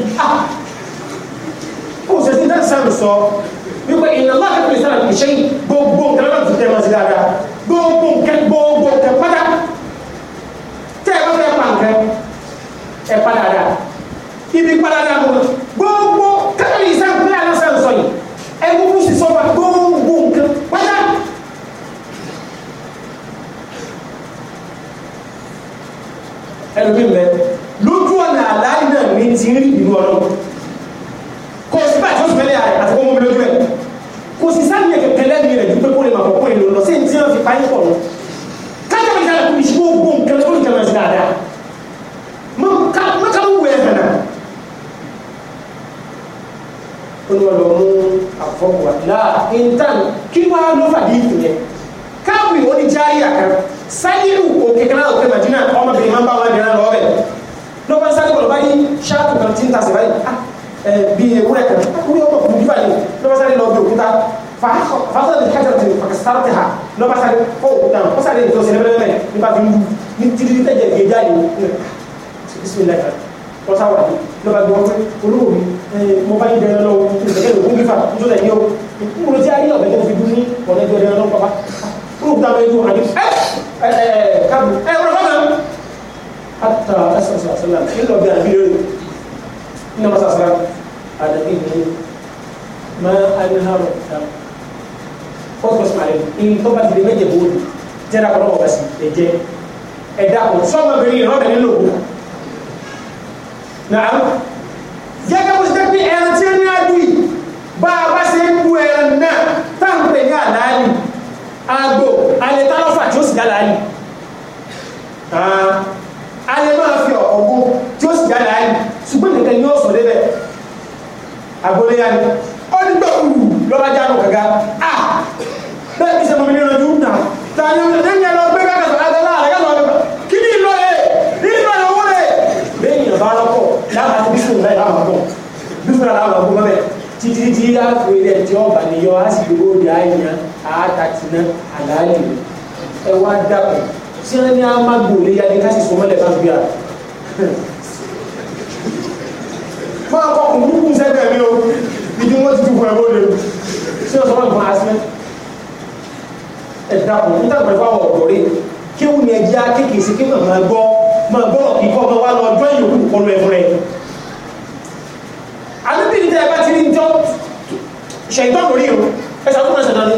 ó ṣe ti dá sáàmù sọ wípé ìnáwó a ìsáàmù ìṣẹ́yìn gbogbo nǹkan náà ti tẹ́ wọn sí dáadáa gbogbo nǹkan gbogbo nǹkan pátá tẹ́ ẹ bá fẹ́ pa nǹkan ẹ padà dà ibi padà dà mo intan kí wàá ló fàdí ìfìyẹ káàbù ìwọ ni járí àkàn sáyé òkò kékeré òkè màdínà ọmọbìnrin máa ń bá wọn dìrán lọ ọbẹ ló bá ń sáré bọlọ báyìí ṣáàpù kan tí ń tasẹ báyìí ah, bí ewúrẹ́ kan wúni ah, ọmọ kùn bí báyìí ló bá sáré lọ bí òkúta fàákọ ní kájà tẹ pakistan tẹ ha ló bá sáré kó òkúta ó sáré nìkan sí ẹlẹbẹlẹbẹ nípa fi ń bu ní títí tẹjẹ gẹjáde ọ̀sá wà ní lọ́ba gbọ́ pé olówó mi mo bá yí dẹrẹ lọ́wọ́ ìgbẹ́kẹ̀ ló kún fífà tó lẹ̀ ní o ìkúrò tí a yí ọ̀bẹ tó fi dún ní ọ̀nà ìjọ dẹrẹ lọ́pàá kúrò kúta lọ́yẹ́ dùn àdé ẹ ẹ káàbù ẹ wọ́n fẹ́ mi. ata asasasala nílò bí àbí lórí nínú masasala àdàbí ní máa alihàrò dàm fọ́tò sùmàlẹ̀ ní tó bá ti di méje bóòlù jẹ́ra kọ́ nàá gẹ́gẹ́ bó ṣe jẹ́ pé ẹran tí ó ní ádùn yìí bá a bá ṣe ń bu ẹran náà táwọn pè ní àlàálì àgbò alẹ́ tálọ́fà tí ó sì dá láàyè alẹ́ máa fi ọ̀gùn tí ó sì dá ṣùgbọ́n nìkan ni ó sọ lébẹ̀ agboléyà ó ní gbọ́ lọ́ba jáde ah bẹ́ẹ̀ bí sẹ́mu mi ní ọdún náà tani tí àfò ilẹ̀ tí ọba lè yọ á sì lówó òde àyàn àátàtìná àlàálì ẹ wá dàpọ̀ tí wọ́n ní amágbó lè yá ní ká sì sọmọ́lẹ̀ bá fi à. máa kọ kùnkùnkù sẹ́gbẹ̀ẹ́ mi o ìdí wọ́n ti dùkọ̀ ẹ̀wọ́ lè tí wọ́n sọmọ́lẹ̀ fún asmẹ́ ẹ̀ dàpọ̀ nígbà pẹ̀lú àwọn ọ̀dọ́ rẹ̀ kéwù ni ẹja kékeré sí kéwù máa gbọ́ máa gbọ́ ṣètọ́ lórí o ẹsẹ̀ ọdún mẹ́sẹ̀ dání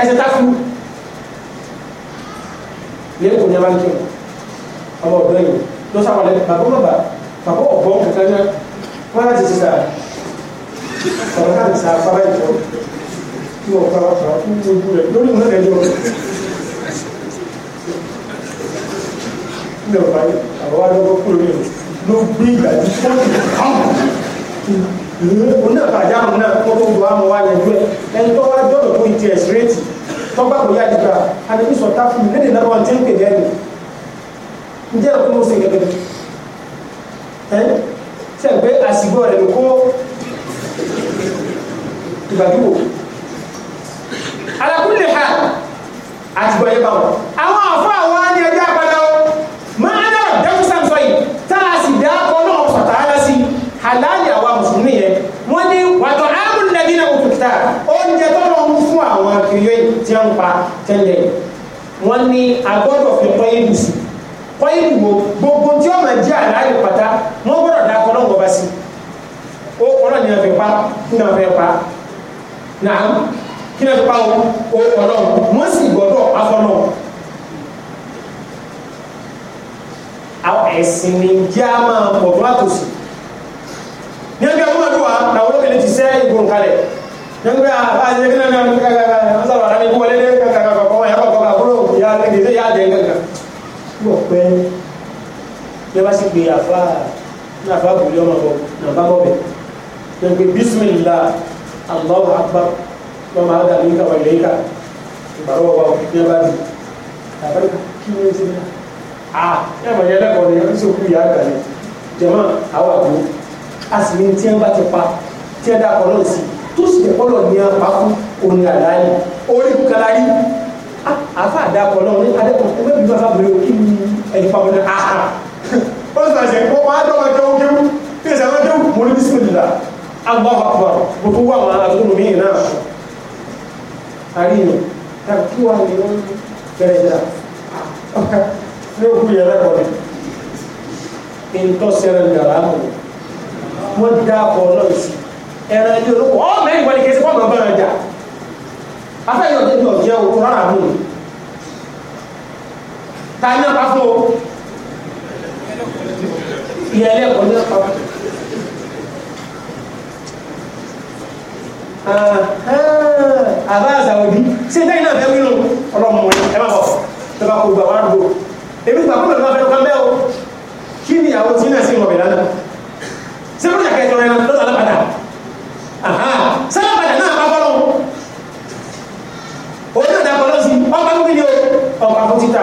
ẹsẹ̀ tákù lẹ́kùn ní a bá ń kí ọmọ ọ̀dọ́ yìí ló sáwọn lẹ́kùn bàbá bàbá bàbá ọ̀bọ̀n kankan náà wọ́n láti ti sà sọ̀rọ̀ láti sà fábá ìfọ́ kí wọ́n fara fara kú ní ojú rẹ̀ lórí mọ́ ẹ̀jọ́ ní ọ̀fà àwọn adọ́gbọ́kú lórí o ló gbé ìgbà tí fọ́ọ̀tù òun náà bàjá òun náà kó tó gbọ́ àmọ́ wa yẹjú ẹ̀ ẹni tó wá jọ́dọ̀ tó ìtì ẹ̀sì rétí tọ́gbà kò yá dìgbà àdébí sọ̀tá fún mi lédè náà wọn ti ń pè bẹ́ẹ̀ ni ǹjẹ́ ẹ̀kọ́ ló ṣe gẹ́gẹ́ ẹ tẹ́ gbé àsìgbọ́ rẹ̀ ló kó ìgbàdúgbò alákùnlé ha àtìgbọ́ yẹ bá wọn àwọn àfọ àwọn á ní ẹjẹ́ àpàdà o máa ń dẹ́kun sàǹsọ yìí tá a sì dá akọ náà sọ̀tà á lọ sí àlá kódà oúnjẹ tó lọ ń fún àwọn akéré tí wọ́n pa tẹ́lẹ̀ wọ́n ní agbọ́dọ̀ fi kọ́ yé lùsì kọ́ yé lùwọ́ gbogbo tí wọ́n máa jẹ́ àlàyé pátá wọ́n gbọ́dọ̀ dá akọ́ náà wọ́n bá sí o kọ́ náà ní wọ́n fi pa kí náà fẹ́ pa náà kí náà fi pa o kọ́ náà wọ́n sì gbọ́dọ̀ afọ́ náà. àwọn ẹ̀sìn ní jẹ́ a máa pọ̀ fún àtòsí ní ẹgbẹ́ ọmọdé wa làwọn olókèlè ti sẹ́ ìgbòǹkalẹ̀ nígbà àbájẹ kí náà ní kankan wọn sábà rárá ikú wọlé ní kankan kankan wọn yà kọkọ bá kúrò ìyá kìí sí ìyá àdé kankan. yóò pẹ́ bí wọ́n sì gbé àfa ní àfa bòlí ọmọ bọ̀ nà bá bọ̀ bẹ̀ ní pé bísímìlá Allahu akbar wọn máa dà ní kàwé lẹ́yìn ká ìgbàlọ́wọ́ wa ní bá dì àbẹ́rẹ́ kí ni ó ti ní ah ẹ mọ̀ yẹn lẹ́kọ̀ọ́ ni oríṣi òkú ìyá àgbà ni jẹ̀mọ́ àwọn àbúrò a sì ní tí wọ́n bá ti pa tí wọ́n dà kọ́ náà sí i tó sì yẹ kọ́lọ̀ ní apá fún orin àdáyé orí kalari àfa àdàkọ̀ náà ní adẹ́kọ̀ ẹgbẹ́ mi máa bẹ̀rẹ̀ òkè mi ẹni pàmò ní àhà ó sì ṣe wọ́n máa dọ̀ wọn jẹun jẹun tí ìṣẹ̀ wọn jẹun mo ní bísímìlá agbá wa kọ̀ mo tún wà wọn àtúntò mi náà àríyàn tàbí wà ní wọn bẹ̀rẹ̀ dà ọ̀kà ní òkú yẹn lẹ́kọ̀ọ́ ni ntọ́sẹ̀rẹ̀ ń dàrá mọ̀ dá akọ̀ náà sí ẹran ẹni olóko ọ mẹ́rin wọlé kẹsí fọ́ọ̀mù ọba ẹran jà afẹ́yọ̀ débi ọ̀jẹ́ òkú rárá mú un ta ní ọba fún o ìyá ilé ẹ̀kọ́ ní ọba fún ah, ah, àbá àzàwòdì ṣé táyì náà fẹ́ wílò ọlọ́mọ ẹ má bọ̀ lọ́ba kò gbà wá dùn èmi gbà kúrò lọ́ba fẹ́ kán bẹ́ẹ̀ o kí ni ìyàwó tí náà sì ń wọ̀bẹ̀ lánàá ṣé ló kẹjọ rẹ lọ́sàn-án padà sábàdà náà bá bọ́lọ́ òun náà dábọ́ lọ́sí ọba ń gbélé o ọba fún títà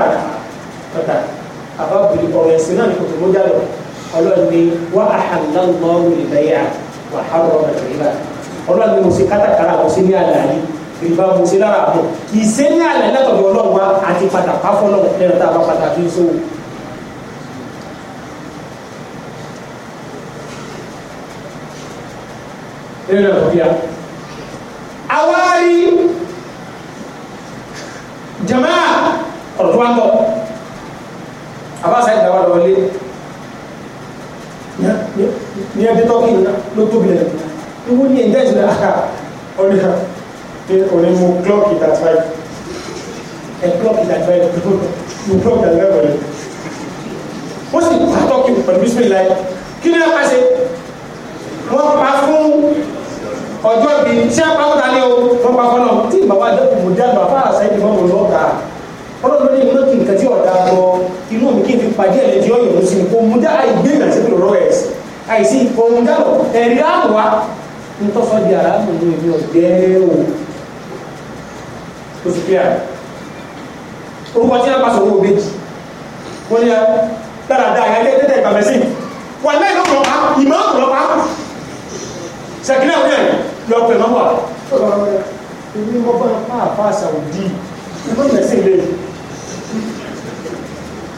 ọ̀tà àbábìlì ọ̀rọ̀ ẹ̀sìn náà ní kòtò ló jálọ ọlọ́run ni wà á hàlá lọ́wọ́ ìbẹ́yà wà á ni mo ṣe kátàkárà mo ṣe ní àlàyé ìbá mo ṣe lára àbọ̀ kì í ṣe ní àlàyé látọ̀dọ̀ ọlọ́run wa àti pàtàkì nínú ọ̀bíà awárí jamaa ọ̀tún akọ abáṣá ìdáwà lọ lé ní ẹbí tọ́kì ló tóbi ẹ̀ níwó ní ẹ̀jẹ̀ ìṣẹ̀lẹ̀ àkà ọ̀rẹ́ ha ní òní mo clock it at five ẹ̀ clock it at five mo clock it at five ọ̀rẹ́ wọ́n sì pa tọ́kì pẹ̀lú bísí láì kí ni wọ́n pa ṣe wọ́n pa fún ọjọ́ bí tí a pàápàá ta ni o wọ́n pa fọ́nà tí bàbá àdéhùn kò dàgbà fáà sẹ́yìn fọ́nà lọ́ọ̀ta ọlọ́run ní iná kí nǹkan tí ọ̀dà lọ inú mi kí n fi pàdé ẹ̀ lẹ́jọ́ yòó sí ni kò mú dá àìgbé ìrìnàṣẹ́ pẹ̀lú ọ̀rọ̀ ẹ̀ sí àìsí òun dàlọ́ ẹ̀rí àmùwá ntọ́sọ́ di aráàlú ní ìlú ọ̀dẹ́ o tó sì pé à orúkọ tí a bá sọ̀rọ̀ òbejì wọ́n ní dáradára yẹn tẹ́tẹ́ ìgbàmẹ́sìn wà lẹ́yìn lọ́pọ̀lọpàá ìmọ̀ ọ̀pọ̀lọpàá ṣèkínà ọ̀dẹ́ lọ́pẹ̀ mọ́mọ́ ìlú ọgbọ́n pàápàá sàwùdí ìgbọ́n ìyẹn sí ilé yìí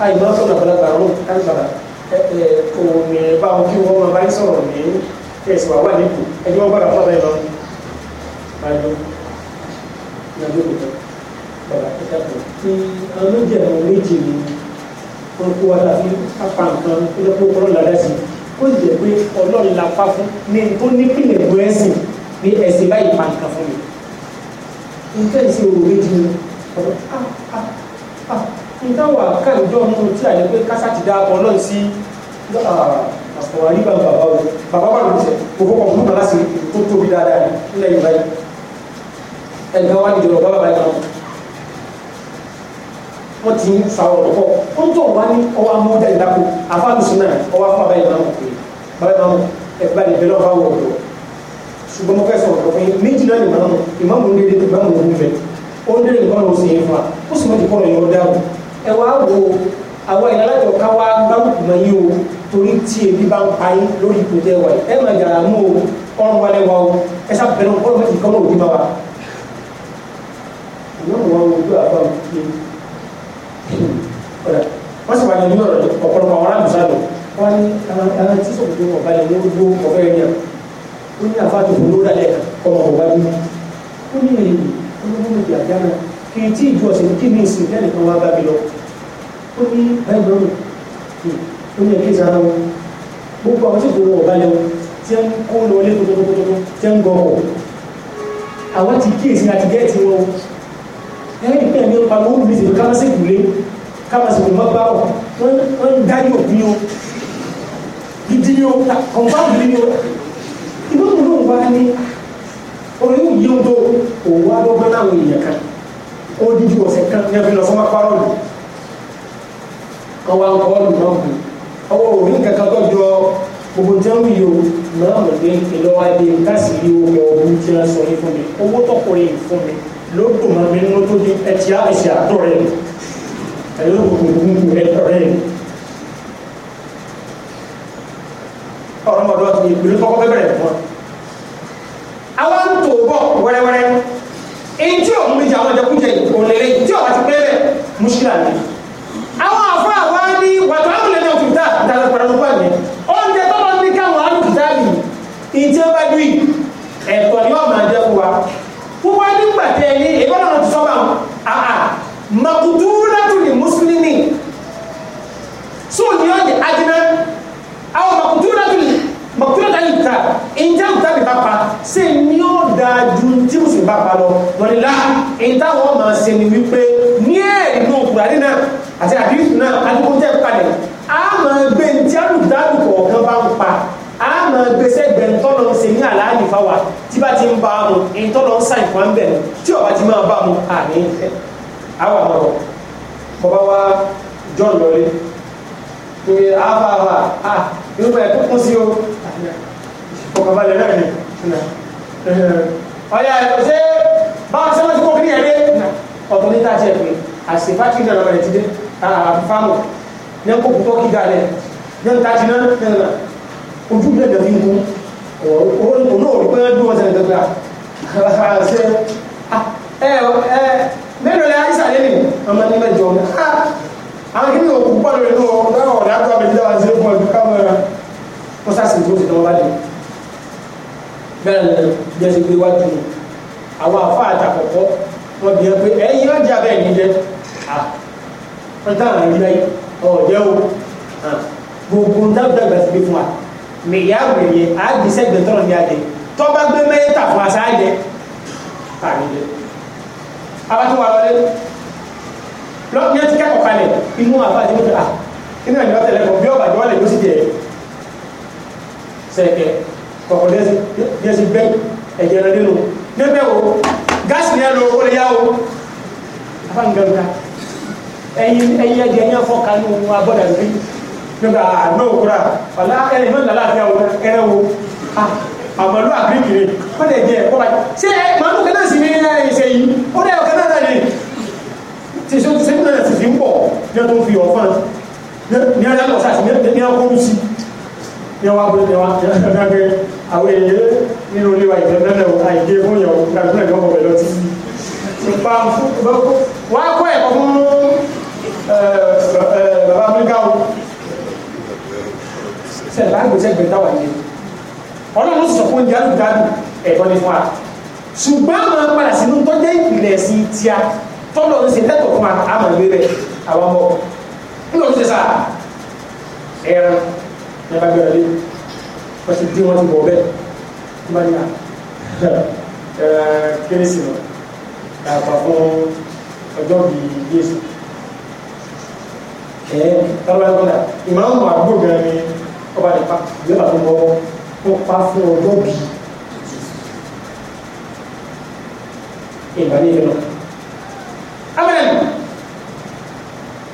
àìmọ́ sọ̀rọ̀ àgbàlagbà rò káríbàrà òun bá wọn kí wọ́n máa bá ń sọ̀rọ̀ ní ẹ̀sìn wà wà nípò ẹni wọ́n gbọ́dọ̀ fọ́ọ̀bẹ́ lọ àjọ ìyàgbé kò tán bàbá kíkà kan tí àwọn méjì àwọn méjì ni wọ́n kó wa láti apá nǹkan tó jẹ́ pé ọlọ́run ládàá sí kó jẹ́ pé ọlọ́run lápá fún ní tó ní pìlẹ̀ bú ẹ̀sìn pé ẹsẹ̀ báyìí pa nǹkan fún mi nǹkan ìṣe òwò méjì ni ọ̀rọ̀ nǹkan ah, ah, ah, wà káàdùjọ́ mú tí a lè pé kásá ti dá ọlọ́run sí àpòwà rí bàbá o bàbá wà lóṣẹ̀ òkú kan fún bàbá sí tó tóbi dáadáa nílẹ̀ yorùbá yìí ẹnìkan wà nídìí ọ̀gá bàbá yìí wọ́n ti ń fa ọ̀rọ̀ pọ̀ ó ń tọ̀ wá ní ọwọ́ amúdá ìdáko àfáàlùsùn náà ọwọ́ afọ́ bàbá yìí máa bàbá yìí máa ẹ̀ ṣùgbọ́n mo fẹ́ sọ̀rọ̀ kọ̀ọ̀kan yìí méjì náà ni màmá ìmáàmù ndéédé tó bá mọ̀ nífẹ̀ẹ́ ó ń délé nìkan ló ń sèyí fa ó sì mọ̀ nìkan ló ń dá o ẹ wá wo àwọn ìyá alájọ ká wá gbárùkù mọ́ yín o torí tí ebi bá ń pa yín lórí ipò tẹ́ wà ẹ máa yàrá mú o ọrùn wa lẹ́wà o ẹ sá bẹ̀rẹ̀ o kọ́lọ́ mẹ́tì kan ló ń bímọ wa. ìyóò wọn ojú àbá mi kí ọ̀dà wọ́n sì wà ní ọ̀rọ̀ ọ̀pọ̀lọpọ̀ àwọn aráàlú sáà lọ wọ́n ní àwọn tí sọ̀rọ̀ tó wọ̀ balẹ̀ ní ojú ọ̀fẹ́ yẹn ó ní àfáàtì fún lórí alẹ́ ọmọ ọ̀gá bí ó ní èyí olóhùn ìdí àjá náà kì í tí ìjọ ọ̀sẹ̀ kí ní ìsìn tẹ́lẹ̀ kan wá bá mi lọ ó ní báyìí lọ́rùn ó ní ẹ̀kí sára wọn gbogbo àwọn tí kò wọ ọ̀bá lẹ́wọ̀n tí ń kó lọ lé tótótótótó tí ń gọ ọ̀ àwọn ti kíyèsí àti gẹ́ẹ̀tì wọn ẹ̀rí pé ẹ̀mí ọ̀pá ló ń bí ìsìn káwọn sì kùlé káwọn sì kùlé bá wọn wọ́n ń dáyé òpin o gidi ni o kọ̀ǹfà bá ní orí yóò o odò o wá lọ́gbọ́n láwọn èèyàn kan ó dídí ọ̀sẹ̀ kan ní ẹbí lọ fún apárọ̀lù àwọn akọ́ọ̀lù náà kù ọwọ́ òrí kankan tó jọ gbogbo tí wọ́n o náà mọ̀ pé ìlọ́wọ́ adé káàsì rí owó ọ̀hún tí wọ́n sọ yín fún mi owó tọkùnrin yìí fún mi ló dùn mọ́ mi nínú tó ní ẹtì àìsí àtọ̀ rẹ̀ ẹ̀yọ́ gbogbo gbogbo ẹ̀tọ̀ rẹ̀ ọ̀rọ̀mọdé wa ti ìpínlẹ̀ kọ́kọ́ bẹ́ẹ̀ bẹ̀rẹ̀ fún wa àwọn ń tò bọ̀ wẹ́rẹ́wẹ́rẹ́ èyí tí òun méjì àwọn jẹkújẹ òǹlẹ̀lẹ̀ tí ọ̀rọ̀ ti pẹ́ bẹ̀ mùsùlùmí àná àwọn àfọ àwa ní wàtò àmúlẹ̀ náà tún tà dáná pẹ̀lú pẹ̀lú oúnjẹ tó bá ní káwọn alùpùpù ìdí ọba dùn yìí ẹ̀tọ́ ni ọ̀mà jẹ́ fún wa fún wa nígbà tẹ ní ìbọn náà ti sọ́ba àà màkùtù látún ní mùsùlùmí sóò ní àjìnà àwọn màkùtù látún ní màkùtù látún òkúta ìjẹ́ òkúta lè pápá ṣe ní ó dáa ju tí mo sì bá pa lọ lọ́nìlá ìtawọ́ máa ṣe ni wípé ní ẹ̀ẹ́dínú òkúta nínà àti àdínkù náà adúgbò tẹ́ palẹ̀ a máa gbé ní tí alùpùpù kọ̀ọ̀kan bá ń pa a máa gbé sẹ́gbẹ̀ ńtọ́lọ ń ṣe ní àlàáyé fáwa tí bá ti ń bá mu ìtọ́lọ ń sàn fún bẹ̀ tí ọba ti máa bá mu àní ìfẹ́ àwọn àmọ̀ràn bọ́bá wa John lọ́lé pé àbá wa ah irúgbà ẹ̀ tó kún sí o ọ̀kànbalẹ̀ náà ni ọ̀yà ẹ̀kọ́ ṣe bá a sẹ́wọ́n tí kò kí ẹ̀rẹ́ ọ̀tún ní tàṣẹ pé àṣìfàtì ìdáná rẹ̀ ti dé àfáàmù ní kò kú tó kí galẹ̀ ní ń tàṣí náà ní ọ̀nà ojú ilé ìdẹ̀bí ń kún òun náà rí pé bí wọ́n sẹ̀rẹ̀ gbẹ̀gbẹ̀ ṣe ẹ ẹ mélòó lẹ́yà ìsàlẹ̀ nì ọmọ ní mẹ́jọ àwọn kí ni òkú pọ̀ lórí inú ọ̀dọ́ ọ̀dọ́ àgbà mi bẹ́ẹ̀ ni jẹ́sí pé wájú mi àwọn àfa àtàkọ́kọ́ wọ́n bí wọn pé ẹ̀yin ọjà bẹ́ẹ̀ ní jẹ́ à wọ́n táwọn ẹ̀yìn láyé ọ̀jẹ́ o gbogbo ń dábòdà ìgbà sí pé fún wa mẹ̀yàwó ẹ̀yẹ àádìsẹ́gbẹ̀ tọ́rọ̀ ní adé tọ́ba gbé mẹ́ta fún aṣáájẹ àrídẹ́ abátúwà wọlé lọ́pọ̀ yẹn ti kẹ́kọ̀ọ́ kalẹ̀ inú àbájẹ́ ó dà inú ẹ̀yọ́ tẹ̀lẹ́kọ̀ọ́ bí ọ̀bàjọ́ wọlé ló sì jẹ́ sẹ́kẹ̀ẹ́ kọ̀kọ̀ dẹ́sí bẹ́ẹ̀ ẹ̀jẹ̀ rẹ̀ nínú níbẹ̀ o gáàsì ni ẹ lò ó lè yá o afáǹgàǹgà ẹyin ẹyin ẹdí ẹyin afọ kanu agbọdọ ẹbí nígbà n'okura ọlá ẹni fún lálàáfíà wo ẹrẹ wo àmàlú àbíkiri wọn lè di ẹ kọba ṣé ẹ màlúù kẹlẹ si ní ẹ ṣe yìí ó dẹ ọkẹ náà dàdí tìṣó tìṣó náà sì fi ń pọ ní ọtún fi ọfọn ní ọjà lọ sáà sí ní ọkọ òsì ní ọwọ abúlé ní ọwọ abúlé ní ọjọ abúlé àwọn èèyàn nínú ilé wa ìjẹ́mẹ́lẹ̀ àìgé fún yàn gbàgbọ́n ìjọ ọmọ pẹ̀lú ọtí nípa wọ́n á kọ́ ẹ̀kọ́ fún bàbá amẹ́ríkà o sẹ̀lá àgbẹ̀sẹ̀gbẹ̀ táwà yìí ọlọ́run sọ fún ìyá àdùdàdù ẹ̀kọ́ ní fún wa ṣùgbọ́n àwọn apàdà sínú tọ́jẹ́ ìpìlẹ̀ sí tíá tọ́lọ̀ ń ṣe lẹ́tọ̀ọ́ fún àmọ̀ ìwé rẹ̀ àwọn ọmọ ńlọrọ̀ ń ṣe sáà ẹran nípa gbẹ̀rẹ̀ lé wọ́n ti dín wọ́n ti bọ̀ bẹ́ẹ̀ tó bá yà ah, kérésì lọ àgbà fún ọjọ́ bíi Jésù ẹ̀ tọ́lọ́lọ́lá ìmáàmù àdúgbò gan ni ọba nípa ìjọba tó bọ́ ó pa fún ọjọ́ bíi ìbàdí ìlú. Amen.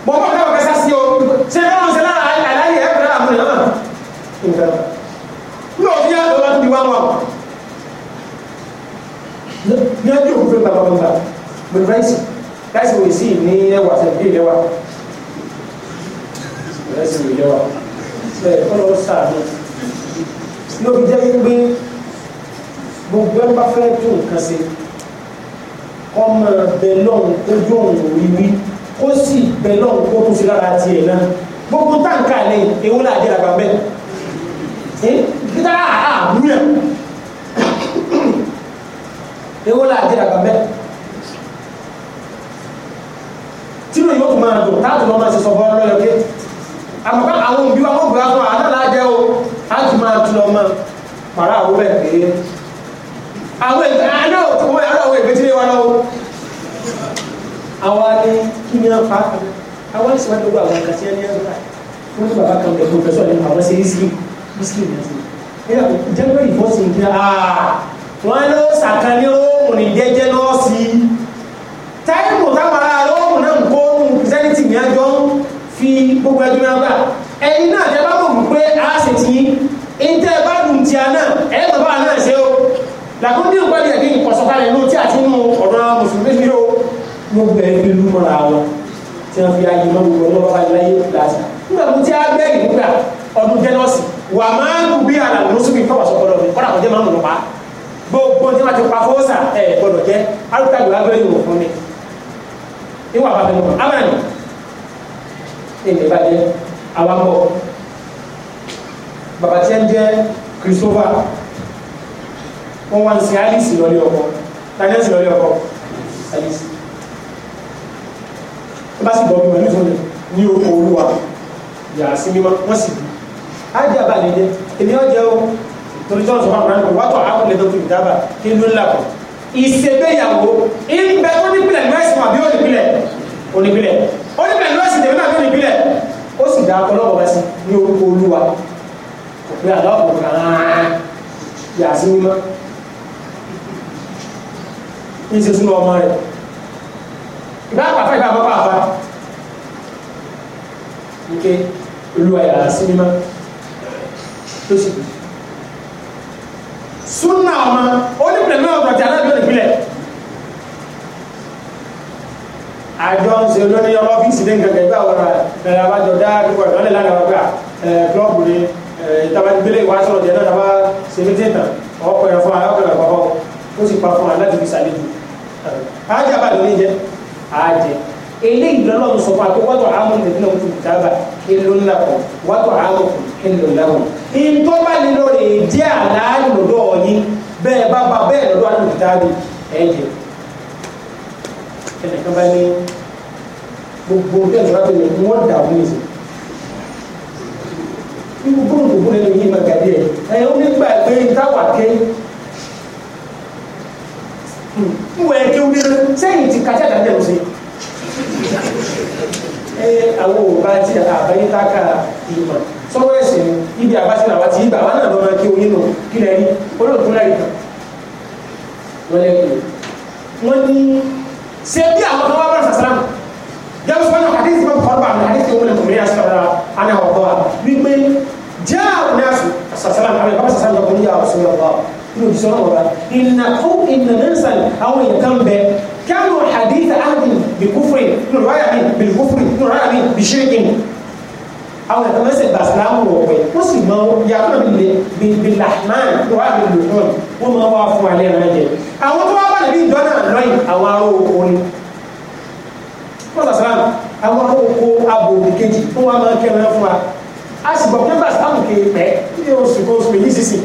Bọ́n bá dáwọ̀ kẹsà sí o, ṣé ẹ bá wọn ṣe lára àlàyé ẹ̀ pẹ̀lú àmúlẹ̀ náà? mama ní ọjọ́ òkú fún bàbá bàbá pẹ̀lú ráìsì ráìsì wò sí ní ẹwà sẹ̀fí ìlẹ́wà ráìsì wò ìlẹ́wà bẹ́ẹ̀ kọ́lọ́ sàánú ló fi jẹ́ pé gbogbo ẹ bá fẹ́ táǹkà lẹ́yìn ewu láàdé àgbà bẹ́ẹ̀. Eh? kita ka a wuli ewo la jira ka mɛ tinu yóò tún máa dùn táà tún lọ́ máa ṣe sọ fún ọ lọ́yọ̀ ké àmọ́ àwọn òbí wa wọ́n gbọ́dọ̀ fún wa àná làá jẹ́ o á tún máa tún lọ́ máa pàrọ̀ àwọn bẹ́ẹ̀ pé àwọn èdè àná òtún wọn àná àwọn èdè tí wọn lọ́wọ́ àwa ni kí ni wọn fa àwa ni sọ wọn gbogbo àwọn kàṣíyàn ní ẹgbẹ́ wọn ní bàbá kan bẹ̀ pòfẹ́sọ̀ ní àwọn ṣe é sí i muslim ẹ̀sìn ẹ̀yà jẹ́ pé ìfọ́sìn kí wọ́n ló sàkán ní róòmù ní jẹ́jẹ́ lọ́ọ̀sì táìmù táwọn ará róòmù náà ń kó ohun kìsẹ́nìtì ní ẹjọ́ fi gbogbo ẹjọ́ náà gbà ẹ̀yin náà jẹ́ bá mọ̀ pé a sì ti ìtẹ́ bá dùn tí a náà ẹ̀ bàbá náà ṣe o làkún ní ìpàdé ẹ̀kí ìkọ̀sọ̀kalẹ̀ ló tí àti inú ọ̀dọ́ mùsùlùmí fi ó wọ́n gbẹ ẹbí lúmọ̀ra wọn tí wọ́n fi ayé mọ́ gbogbo ọlọ́pàá láyé láti nígbà tó tí a gbẹ́ ìgbà ọdún jẹ́nọ́ọ̀sì wà máa ń gbé ara òun lóṣù bíi fọwọ́sọ gbọdọ̀ mi kọ́dà kò jẹ́ máa ń lọ pa gbogbo tí wọ́n ti pa fọ́ọ̀sà ẹ̀ gbọdọ̀ jẹ́ arúgbó àgbà bẹ́ẹ̀ ni wò fún mi ìwà àbàbẹ̀ mọ̀ abàní èmi bá jẹ́ awakọ̀ bàbá tí ń jẹ́ Christopher wọ́n wá ń sin Alice lọ́lé ọkọ tani ń sin lọ́lé ọkọ Alice ó bá sì bọ́ mi wà nítorí ní oko olúwa yàrá sí mímọ́ wọ́n sì bí ájá balẹ̀ jẹ èmi ọjẹ o torí jọ́nsọ̀ máa kúrò nípa wàtò àwọn ilẹ̀ dọ́kítà ìdábà kí ló ń lakọ̀ ìṣègbéyàwó ìgbẹ́ onípìlẹ̀ mẹ́sìn àbí onípìlẹ̀ onípìlẹ̀ onípìlẹ̀ mẹ́sìn tèmi náà onípìlẹ̀ ó sì dá akọlọ́wọ́ bá sí ní orúkọ olúwa kò pé àlọ́ọ̀kọ̀ kàn yà sí mímọ́ ní ṣe sínú ọmọ rẹ̀ ìbá pàfẹ́ ìbá pàfẹ́ àfa nke olúwa yà sí tó sì kú súnà ọmọ onípìlẹ̀ mẹ́wàá ọ̀dọ̀ tí aláàbí onípìlẹ̀ àjọ ń ṣe olórí ọmọ ọ́fíìsì ní nǹkan kẹgbẹ́ àwọn ọ̀rọ̀ ẹ̀rọ abájọ dá kíkọ̀ ìdánlẹ̀ lánàá wọ́pẹ́ klọ́ọ̀bù ni ìtàbájúgbélé ìwà sọ̀rọ̀ jẹ́ náà dábàá ṣe méjì tàn ọkọ̀ ẹ̀rọ fún ayọ́kọ̀ ẹ̀rọ pàpọ̀ ó sì pa fún wa láti fi ṣàlejò ájá bá lórí jẹ́ àjẹ eléyìí lọ́lọ́run sọ fún akọ́kọ́tọ̀ àmọ́ nìdínlẹ̀ òkú ìtàbà ìlú ńlá kan wàtò àwọn ìlú ńlá kan. ìtọ́ bá lè lórí jẹ́ àlàálù lọ́dọ̀ yín bẹ́ẹ̀ bá bá bẹ́ẹ̀ lọ́dọ̀ àlù kìtàbí ẹ̀jẹ̀. ẹnìkan bá ní gbogbo bẹ́ẹ̀ lọ́dọ̀ àbẹ̀yẹ wọ́n O wọ́n ní sùn. ibi gbogbo gbogbo lẹ́nu yìí máa gàdí ẹ̀ ẹ̀ ó ní gbà pé táwa ké hmm, ń wẹ̀ kí ó dé sẹ́yìn ti kájà dàbí ẹ àwọn òbá ti àbáyé táka ìmọ̀ sọ́wọ́ ẹ̀sìn ibi àbáṣe làwọn ti ibà wọn náà lọ́mọ kí oyin nù kí lẹ́ rí olóòtú láì tàn wọ́n lẹ́kọ̀ọ́ wọ́n ní ṣé bí àwọn kan wá bá sàsàrà jẹ́wọ́n sọ́nà àdéhùn bá kọ́ bá àmì àdéhùn tó múlẹ̀ kòmìnira sọ̀rọ̀ àná ọ̀gbọ́ wa wípé jẹ́ àwọn náà sàsàrà àmì bá sàsàrà Ina, yà ọ̀ṣun lọ́wọ́ inú ìṣọ́nà ọ̀rọ̀ ìnà كانوا حديث عهد بكفر nínú ráyà mi بالكفر nínú ráyà mi بشرك àwọn ẹ̀ka mẹ́sẹ̀ gba ìsìlámù wọ̀ pé ó sì mọ yàtọ̀ nílé bilahman tó wà ní lùkọ́n wọ́n máa wá fún alẹ́ náà jẹ. àwọn tó wá bá nàbí ìjọ náà lọ́yìn àwọn ará oko ni. wọ́n sà sàlámù àwọn ará oko abo òdìkejì tó wá máa kẹ́ ẹran fún wa. a sì gbọ́ pé bàtàmù kiri pẹ́ ní oṣù kan oṣù méjì sísìn.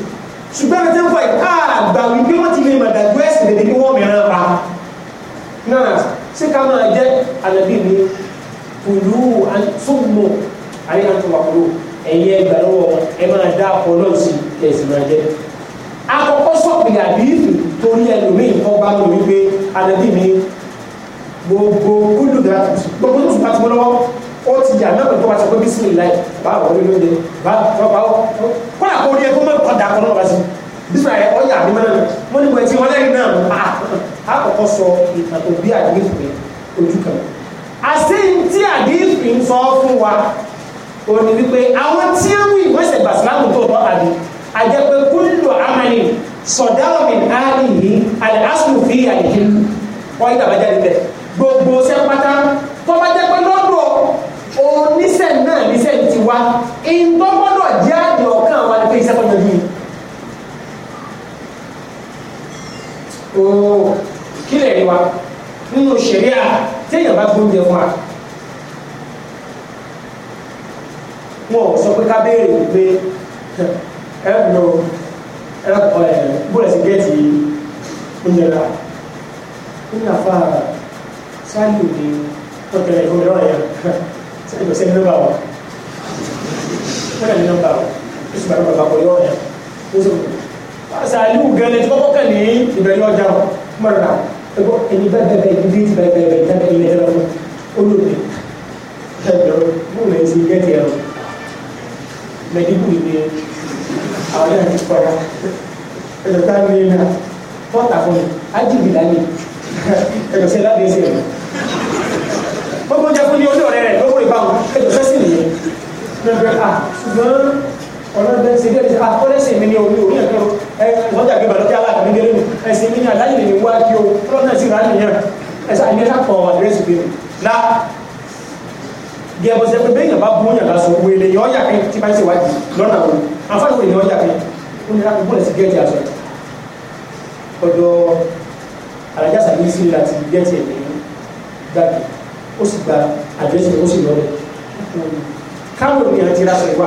ṣùgbọ́n ẹni tí ń fọ ìka àgbà wípé wọ́n ti lè mọ̀ dàgbẹ́sì náà ṣé ká máa jẹ́ ànàbí mi kùlù àtúmù ayé àtúwàkùlù ẹ̀yẹ ìgbàlọ́wọ́ ẹ máa dá ọkọ̀ náà sí kẹ̀sì máa jẹ́ akọ́kọ́ sọ̀pìlà bíìfì torí ẹlòmíì kọ́ bá mi wípé ànàbí mi gbogbo kúlù gàtùtù gbogbo tó tún bá ti mọ́ lọ́wọ́ ó ti yà náà pẹ̀lú wáṣọ pé bísí mi láì bá àwọn olóyè lóde bá bá bá kọ́lá kó rí ẹ kó mọ̀ padà kọ́ náà wá sí i bísí àyẹ ọyà àdìmọ́lẹ̀ lọ wọ́n ní bọ̀ẹ̀tì wọn lẹ́yìn náà ah! a kọ́kọ́ sọ ìtàkùn bí àdìmọ́lẹ̀ ojú kan àṣẹ tí àdìmọ́lẹ̀ ń sọ fún wa ó ní wípé àwọn tí ó wí ìwé ṣẹ̀gbà sílámù tó bọ́ àdì àjẹpẹ́ kúlò amani sọ̀dáwọ̀mì àlìyí àlẹ́ àṣùlù fi àdìyí wọ́n yí àbájá níbẹ̀ gbogbo sẹ́pátá tọ́bájẹ́pẹ́ lọ́dọ̀ oníṣẹ́ náà níṣẹ́ ti wá ìtọ́gbọ́dọ̀ jẹ́ ooo kílẹ̀ ni wa nínú ṣẹ̀ríà téèyàn bá gbóúnjẹ fún wa wọn ò sọ pé ká béèrè pé ẹ ẹ lọ ẹ kọ ẹ bóòlù sí gẹ́ẹ̀tì oúnjẹ la nínú àfa sáyù ni wọ́n tẹ̀lé ìfowópamọ́ yẹn sáyù kò sẹ́ni nọ́mbà wọn wọ́n tẹ̀lé wọn ó sì bá nọ́mbà wọn yọ̀ ọ́ yẹn ó sì bá sàálù gan lẹ́tí kọ́kọ́ kàn ní ìbẹ̀rẹ̀ ọjà wọn mọ̀rọ̀ náà ẹgbọ́ ẹni bẹ́ẹ̀ bẹ́ẹ̀ bẹ́ẹ̀ ibi tí bẹ́ẹ̀ bẹ́ẹ̀ bẹ́ẹ̀ jáde ilẹ̀ ẹ̀rọ fún olóògbé ẹgbẹ̀rún mú mi ti gẹ́tì ẹ̀rọ mẹ́díkù ni àwọn náà ti pọ̀ra ẹ̀rọ tá ní náà pọ́tà fún mi ájìbì lálẹ́ ẹ̀rọ sí ẹ̀rọ àdéhùn sí ẹ̀rọ gbogbo jẹ́ fún ní olú ọ̀rẹ́ rẹ̀ gbogbo ìbáwọn ẹ̀rọ fẹ́ sì nìyẹn ah, ṣùgbọ́n ọlọ́dẹ ṣe dẹ́rẹ́ ṣe àkọ́lẹ́sẹ̀ mi ní orí orí ẹ̀kọ́ ẹ lọ́jà gbé balọ́jà aláàbí délé mi ẹ sì ní aláyè lè wá kí o ọlọ́run náà sì rà nìyẹn ẹ sá ìyẹn sàpọ̀ àdírẹ́sì bẹ́ẹ̀ na gẹ̀ẹ́bọ̀ sẹ́pẹ́ bẹ́ẹ̀ yàn bá bú yàn lásán wele yàn ọ̀yà kan tí bá ń ṣèwádìí lọ́nà àwọn àǹfààní wo yàn ọ̀yà kan ó ní láti bọ́ọ̀lù sí gẹ́ẹ̀tì àṣọ ọ̀dọ̀ alájà sàbí sí láti gẹ́ẹ̀tì ẹ̀ jáde ó sì gba àdírẹ́sì ó sì lọ́lẹ̀ káwọn ènìyàn ti rà sọ ìwà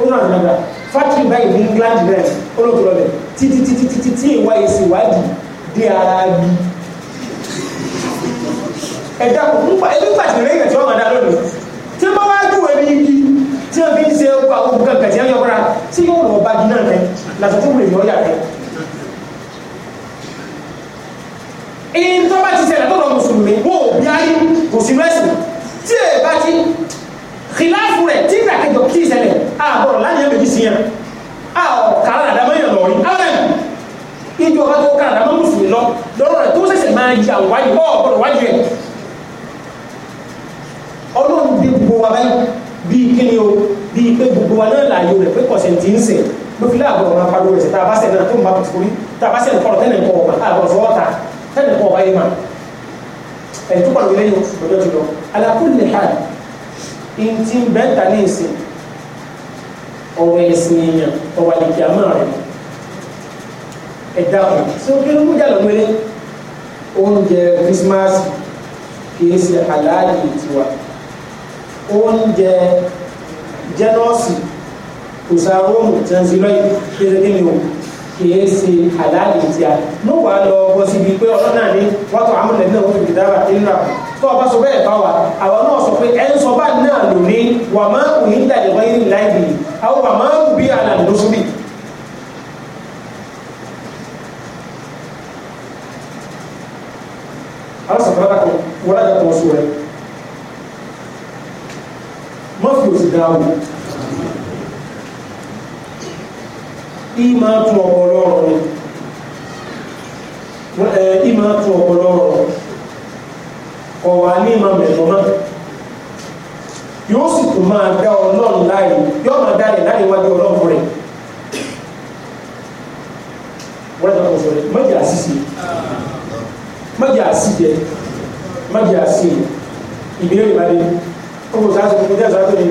ó náà nàgbà fátìrì báyìí ní England bẹ́ẹ̀ olóòtúrọ̀ bẹ̀ títí títí títí tí ìwà èsì ìwádìí dé ara bí ẹ̀dá kò nípa ẹbí pàtìrì rẹ̀ tí wọ́n máa dá lónìí tí wọ́n wá jù ẹbí igi tí wọ́n fi ń ṣe ọkọ̀ àwọn nǹkan kẹ̀tì ẹ̀yọ́ kọ́ra tí yóò lọ bá gíná rẹ̀ làtọ̀ tó wùlẹ̀ yọ̀ yà rẹ̀. ìyìn tó bá ti ṣẹlẹ̀ tó lọ mùsùlùmí wọ́n ò bí ayé kò sí mẹ́sìn tí èèbá ti kìláàfù rẹ̀ tí ìdàkẹjọ tí ìṣẹ̀lẹ̀ àbọ̀rọ̀ láyé méjì sí yẹn àọ̀ kàràdàmọ́ yẹn lọ́rí alẹ́ ìjọba tó kàràdàmọ́ mùsùlùmí lọ lọ́rọ̀ rẹ̀ tó ṣẹ̀ṣẹ̀ máa yà wájú bọ́ ọ̀bọ̀rọ̀ wájú ẹ̀ ọlọ́run bí gbogbo wa báyìí bíi kíni o bíi pé gbogbo wa náà láàyò rẹ̀ pé kọ̀sẹ̀ ti ń sè ló fi láàbọ̀ ọ̀rọ̀ apá lórí ṣe tá a bá sẹ̀ náà tó ń bá kùtùkùrí tá a bá sẹ̀ nǹkan tẹ́lẹ̀ nǹkan ọ̀gbà àbọ̀ fọwọ́ ta tẹ́lẹ̀ nǹkan ọ̀gbà yìí mà ẹ̀ tó pàdé lẹ́yìn ọjọ́ ti lọ alákùnrin nìkan ntí bẹ́ẹ̀ta ní ìsìn ọ̀rọ̀ ẹ̀sìn èèyàn ọ̀wà lè kí a máa rẹ̀ ẹ̀dá kan tí ó kí ló mú jà oúnjẹ Christmas kìí ṣe aláàlì tiwa oúnjẹ jẹ́nọ́ọ̀sì kò sa róòmù jẹ́nsì lọ́yìn kí ṣe kí ni o kìí ṣe aláàlì tiwa ló wà lọ bọ́ síbi pé ọlọ́nà ní wọ́n tó àmúlẹ̀ náà wọ́n fi dára nínú àpò tó o bá sọ bẹ́ẹ̀ bá wa àwa náà sọ pé ẹ ń sọ bá náà lónìí wà máa wù yín dàgbẹ́ wáyé ní láìpẹ́ yìí àwọn wà máa wù bí àlànà lóṣù bíi. ala safara ko wala ka tɔn sɔrɔ ma fi o si o i ma tɔn bɔlɔ rɔ ni ní ìmọ̀ mẹ̀mọ́ náà yóò sì tún máa dá ọlọ́run láàyè yóò máa dá rẹ̀ láàyè wájú ọlọ́run rẹ̀ wọ́n dàgbà sọ rẹ̀ mọ̀jẹ̀ àṣìṣe mọ̀jẹ̀ àṣìjẹ mọ̀jẹ̀ àṣì ìbílẹ̀ ìbàdí kókò sáà tó kókò sáà tó ní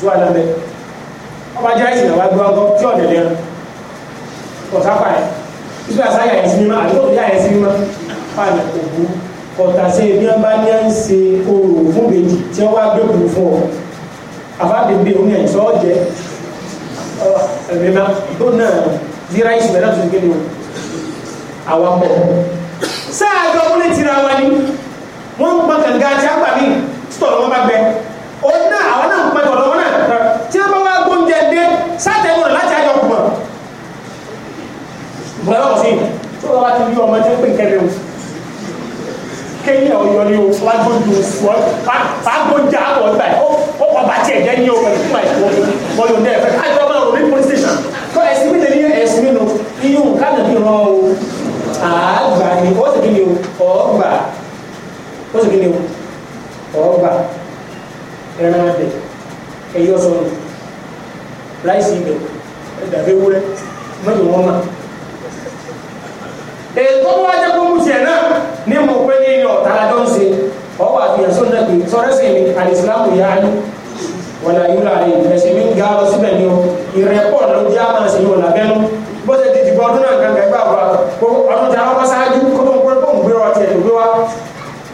zuwa lẹ́mẹ̀ ọba jẹ́ àìsàn àwọn agbọ́n kan tí ọ̀dẹ̀ lẹ́nu ọ̀sápá ẹ̀ ìṣúra sáyà ẹ̀ sí mímọ́ àdúgbò yà ẹ̀ mímọ́ fáànà òbú ọ̀tàṣe bí wọ́n bá ní à ń ṣe orò fún bèjì tí wọ́n wá gbẹ̀kùn fún ọ àbábẹ̀bẹ̀ òun ẹ̀ sọ́ jẹ́ ẹ̀mẹ́má tó náà zira yìí ṣùgbọ́n náà tó ti kéde o àwọn bọ̀ sáàjọ múlẹ̀ tira wa ni wọ́n ń pa kànga àti àgbà mi títọ̀rọ̀ wọn bá gbẹ òun náà àwọn náà ń pa tọ̀rọ̀ wọn náà tí wọ́n bá wá gbóúnjẹ dé sátẹ̀mù rẹ̀ láti àjọ kùmọ̀ bùrọ̀dọ̀ kọ̀ sí tó bá kéèyàn ọyọ ni o wájú ju wọn fagbọnjà àbọ̀ gbà ẹ̀ ó kọ́ bàtí ẹ̀jẹ̀ ní o pẹ̀lú fún àìkú ọyọ ní ẹ̀fẹ̀ kájọ máa rò ní police station tó ẹ̀sìn mi lè ní ẹ̀sìn mi nù iyún kánà bí ràn o àgbà ni ó sì kí ni o ọgbà ó sì kí ni o ọgbà ẹran abẹ ẹyọ sọnù láìsí ibẹ ẹdàbẹ wúrẹ mọtò wọn mà ètò wọn wájú kó mú tiẹ̀ náà tààrà jọ ń ṣe ọwọ́ àfihàn sóun náà pé sọ́rẹ́sì mi àdìsílámù yá ni wọ̀là ìwúrà rẹ̀ ẹ̀sìn mi ń ga lọ síbẹ̀ ni o ìrẹ́pọ̀ ló jẹ́ àmà sí ìwọ̀n lábẹ́nu bó ṣe ti dìbò ọdún náà gangan ìgbà wa kó ọdún tí a wọ́n ṣáájú kó tó ń pẹ́ fóun gbé ọtí ẹ̀tọ́ gbé wa.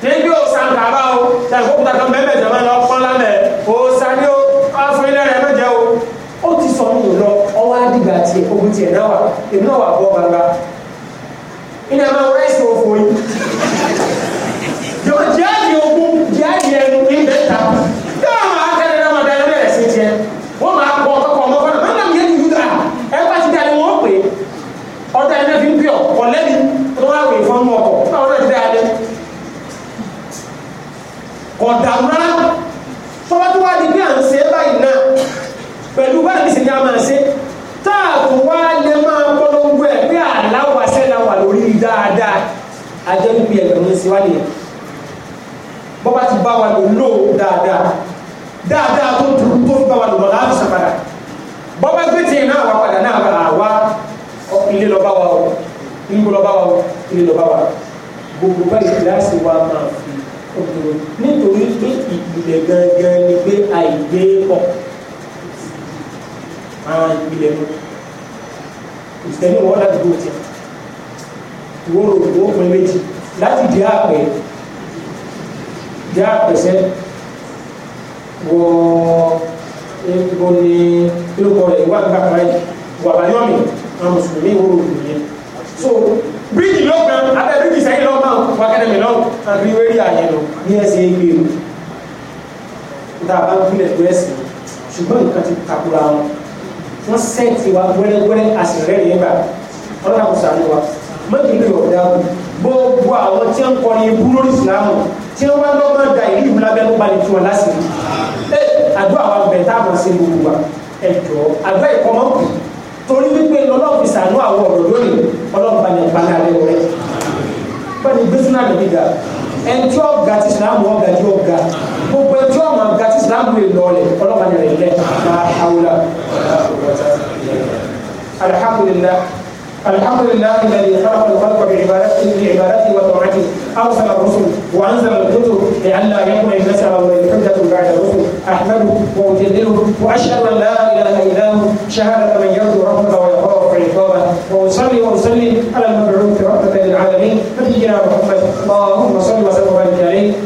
níbi ó san kàbá o tàbí fóun tàbí mẹ́mẹ́ jẹ̀mọ́ lọ pọ́n lámẹ́ o sani o afun ilé rẹ̀ mẹ́jẹ o. ó ti sọ mí lọ ọwọ́ àdìgbà tiẹ̀ ogun tiẹ̀ náà wà èmi náà wà bọ́ gbangba. ilé ẹ̀ máa wọ àwúrá tọ́wọ́ tó wá di bí à ń ṣe báyìí náà pẹ̀lú bá ní sinmi a máa ṣe táàkù wá lè máa polongo ẹ̀ pé àláwàṣẹ́ la wà lórí dáadáa ajẹ́ níbi ẹ̀gbẹ̀rún sí wá nìyẹn bọ́ bá ti bá wa lò lò dáadáa dáadáa tó dùn tó fi bá wa lò lọ láti sàpadà bọ́ bá gbé tiẹ̀ náà wà padà náà wà wá ilé lọ wa o ilé lọ wa o ilé lọ wa gbogbo báyìí láti wá máa fi nítorí pé ìpìlẹ̀ gangan ni pé àìgbé pọ̀ àwọn ìpìlẹ̀ mọ́ ìsẹ̀mí wọn láti gbó tiẹ̀ ìwọ́n rò wọ́n pin méjì láti di àpẹ di àpẹsẹ wọ epo ni lóko rẹ̀ ìwádìí bàbá yìí wàbáyọ́mì àwọn mùsùlùmí ìwọ́n rò wọ́n yẹn so bíríkì ló gbẹ abẹ́ bíríkì sẹ́yìn lọ́wọ́ náà wákẹ́lẹ́ mi lọ́wọ́ àbí wẹ́rí àyè lọ ní ẹsẹ̀ ẹgbẹ́ o níta bá ń fílẹ̀ tó ẹsẹ̀ ṣùgbọ́n nǹkan ti takura wọn wọ́n sẹ́ẹ̀tì wa wẹ́rẹ́wẹ́rẹ́ àṣìrẹ́ rẹ̀ gbà ọlọ́dà kò sàánú wa mọ́tòlì ọ̀dà gbogbo àwọn tí wọ́n kọrin ibú lórí ìsìlámù tí wọ́n bá lọ́gbọ́n da ìlú ìlú lábẹ́ nípa lè tiwọn lásìkò ẹ àdúrà wa bẹ̀ tá a mọ̀ sí gbogbo wa ẹ jọ àdúrà ìkọ́mọ́kù torí wípé lọ́lọ́run fi sàánú àwọn ọ̀rọ̀ lónìí ọlọ́run bá yẹn paná alẹ́ rẹ̀ pẹ̀lú gbésínà lórí ga ẹnití ọ̀gá ti sàlámù ọ̀gá di ọ̀gá gbogbo ẹnití ọ̀mà ọ̀gá ti sàlámù lè lọ ọ̀lẹ̀ ọlọ́run bá yẹn rẹ̀ lẹ́ alhamdulillah الحمد لله الذي خلق الخلق بعبادته بعبادته وطاعته ارسل الرسل وانزل الكتب لئلا يكون الناس على الله حجه بعد الرسل احمده واجلله واشهد ان لا اله الا هو شهاده من يرجو رحمته ويخاف عقابه واصلي واسلم على المبعوث رحمه للعالمين نبينا محمد اللهم صل وسلم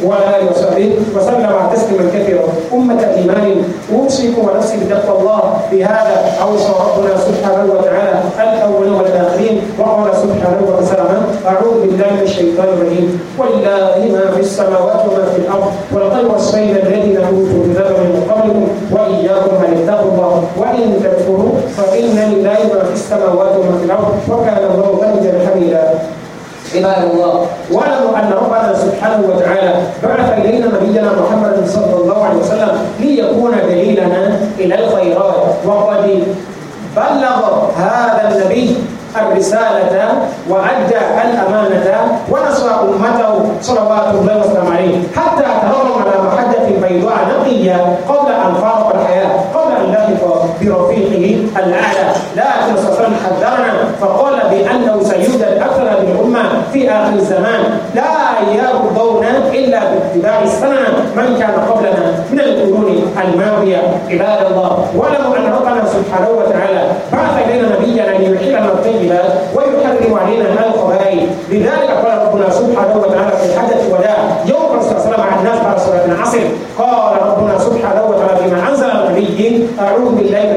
وعلى اله وصحبه وسلم تسليما كثيرا امه ايمان اوصيكم ونفسي بتقوى الله بهذا اوصى ربنا سبحانه وتعالى الاولين والاخرين وقال سبحانه وتعالى اعوذ بالله من الشيطان الرجيم ولله ما في السماوات وما في الارض ولقد وصينا الذين اوتوا الكتاب من قبلكم واياكم ان اتقوا الله وان تكفروا فان لله ما في السماوات وما في الارض وكان الله غنيا حميدا عباد الله واعلموا ان ربنا سبحانه وتعالى بعث الينا نبينا محمد صلى الله عليه وسلم ليكون دليلنا الى الخيرات وقد بلغ هذا النبي الرسالة وعد الأمانة ونصر أمته صلوات الله وسلامه عليه حتى ترهم على محدث بيضاء نقية قبل أن فارق الحياة قبل أن لحق برفيقه الأعلى لكن صلى الله حذرنا فقال بأنه سيدرك في آخر الزمان لا يرضون إلا باتباع السنن من كان قبلنا من القرون الماضية عباد الله ولو أن ربنا سبحانه وتعالى بعث إلينا نبينا ليحلنا الطيبات ويحرم علينا الخبائث لذلك قال ربنا سبحانه وتعالى في حجة الوداع يوم الرسول صلى الله عليه وسلم مع الناس بعد سوره العصر قال ربنا سبحانه وتعالى فيما أنزل النبي أعوذ بالله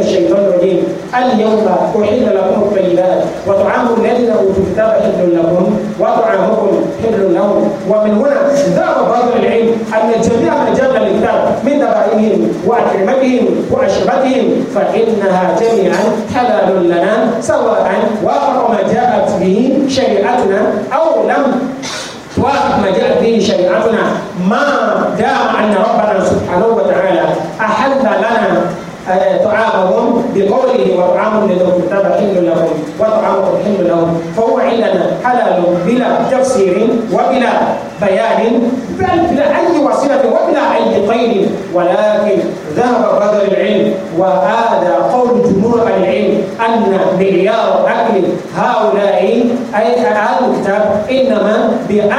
ومن هنا ذهب بعض العلم أن جميع من جمع الكتاب من ذبائحهم واكرمتهم وأشربتهم فإنها جميعا حلال لنا سواء وافق ما جاءت به شريعتنا أو لم توافق ما جاءت به شريعتنا ما دام أن ربنا سبحانه وتعالى أحل لنا آه، طعامهم بقوله وطعامهم لذوي الكتاب حل لهم وطعامكم حل لهم فهو عندنا حلال بلا تفسير وبلا بيان بل بلا اي وسيله وبلا اي قيد ولكن ذهب بعض العلم وهذا قول جمهور العلم ان معيار اكل هؤلاء اي اهل الكتاب انما بان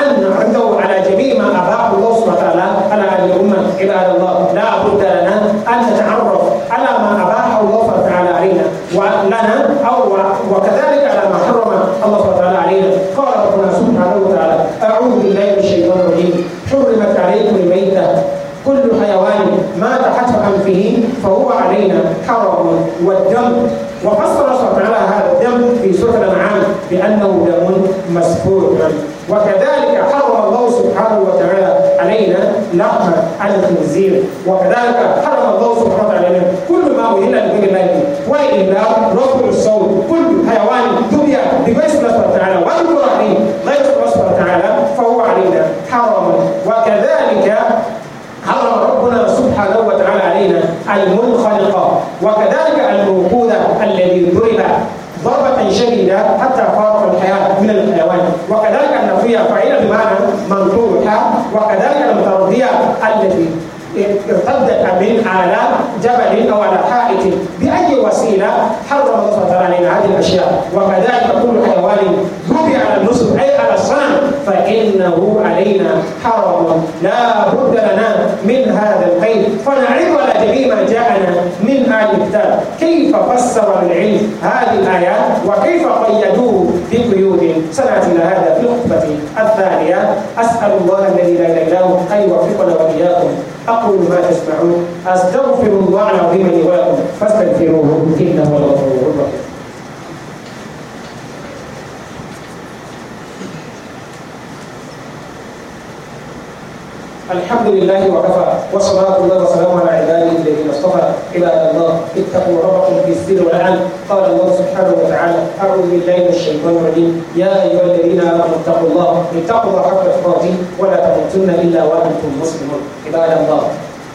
عدوا على جميع ما اباح الله سبحانه وتعالى على هذه الامه عباد الله لا بد لنا ان نتعرف في سفر العام بأنه دم مسفور وكذلك حرم الله سبحانه وتعالى علينا لحم الخنزير وكذلك حرم الله سبحانه وتعالى علينا كل ما أهل لكل الله وإلا رفع الصوت كل حيوان دنيا بغير سبحانه وتعالى والقرآن غير سبحانه وتعالى فهو علينا حرام وكذلك حرم ربنا سبحانه وتعالى علينا المنخلقة وكذلك الموقودة الذي ضرب ضربة شديدة حتى فاق الحياة من الحيوان وكذلك النفية فعيلة بمعنى منطوحة وكذلك المترضية التي ارتدت من على جبل او على حائط باي وسيله حرم الله علينا هذه الاشياء وكذلك كل حيوان ذبح على النصب اي على الصنم فانه علينا حرم لا بد لنا من هذا القيد فنعرض على جميع ما جاءنا من الكتاب كيف فسر العلم هذه الآيات وكيف قيدوه بقيود سنأتي إلى هذا في الخطبة الثانية أسأل الله الذي لا إله إلا هو أن يوفقنا وإياكم أقول ما تسمعون أستغفر الله العظيم لي ولكم فاستغفروه إنه الغفور رحيم الحمد لله وكفى والصلاة والسلام على عباده الذين اصطفى عباد الله اتقوا ربكم في السر والعلم قال الله سبحانه وتعالى أعوذ بالله من الشيطان الرجيم يا أيها الذين آمنوا اتقوا الله اتقوا الله حق تقاته ولا تموتن إلا وأنتم مسلمون عباد الله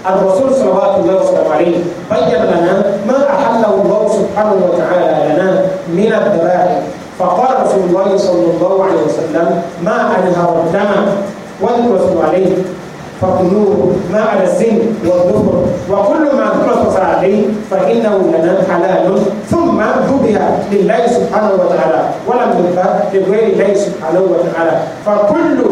الرسول صلوات الله وسلامه عليه بين لنا ما أحله الله سبحانه وتعالى لنا من الذبائح فقال رسول الله صلى الله عليه وسلم ما أنهرتنا الدم والرسول عليه فطيور ما على الزن والظفر وكل ما تنصص عليه فإنه لنا حلال ثم ذبح لله سبحانه وتعالى ولم يذبح لغير الله سبحانه وتعالى فكل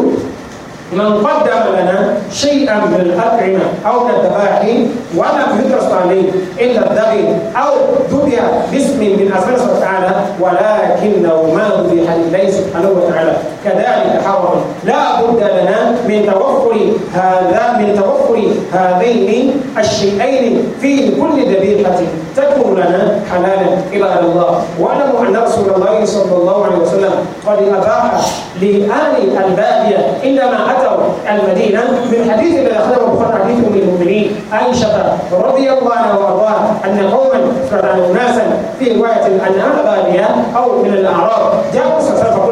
من قدم لنا شيئا من الأطعمة أو من الذبائح ولم يدرس عليه إلا الدبي أو ذبح باسم من أسماء الله تعالى ولكنه ما ذبح لله سبحانه وتعالى كذلك حرم لا بد لنا من توفر هذا من توفر هذين الشيئين في كل ذبيحة تكون لنا حلالا إلى الله واعلموا أن رسول الله صلى الله عليه وسلم قد أباح لآل البادية إنما أتوا المدينة من حديث الذي أخذه البخاري حديث أم المؤمنين عائشة رضي الله عنها وأرضاها أن قوما كانوا ناسا في رواية أن أغلبها أو من الأعراب جاءوا فسافروا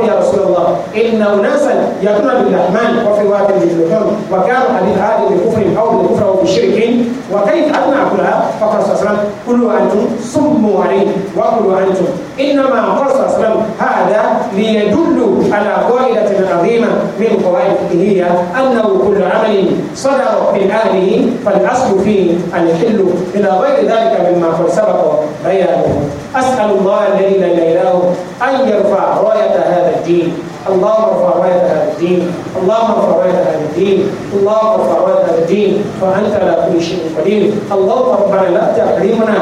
إن أناسا يدنا بالرحمن وفي واد يشركون وكانوا حديث هذا بكفر أو لكفر أو بالشرك وكيف أدنى كلها فقال صلى الله عليه وسلم كلوا أنتم صموا عليه وكلوا أنتم إنما قال صلى الله عليه وسلم هذا ليدل على قاعدة عظيمة من قواعد فقهية أنه كل عمل صدر من أهله فالأصل فيه الحل إلى غير ذلك مما قد سبق بيانه أسأل الله الذي لا إله إلا هو أن يرفع راية هذا الدين اللهم ارفع رايه هذا الدين اللهم ارفع رايه هذا الدين اللهم ارفع رايه هذا الدين فانت على كل شيء قدير اللهم ربنا لا تحرمنا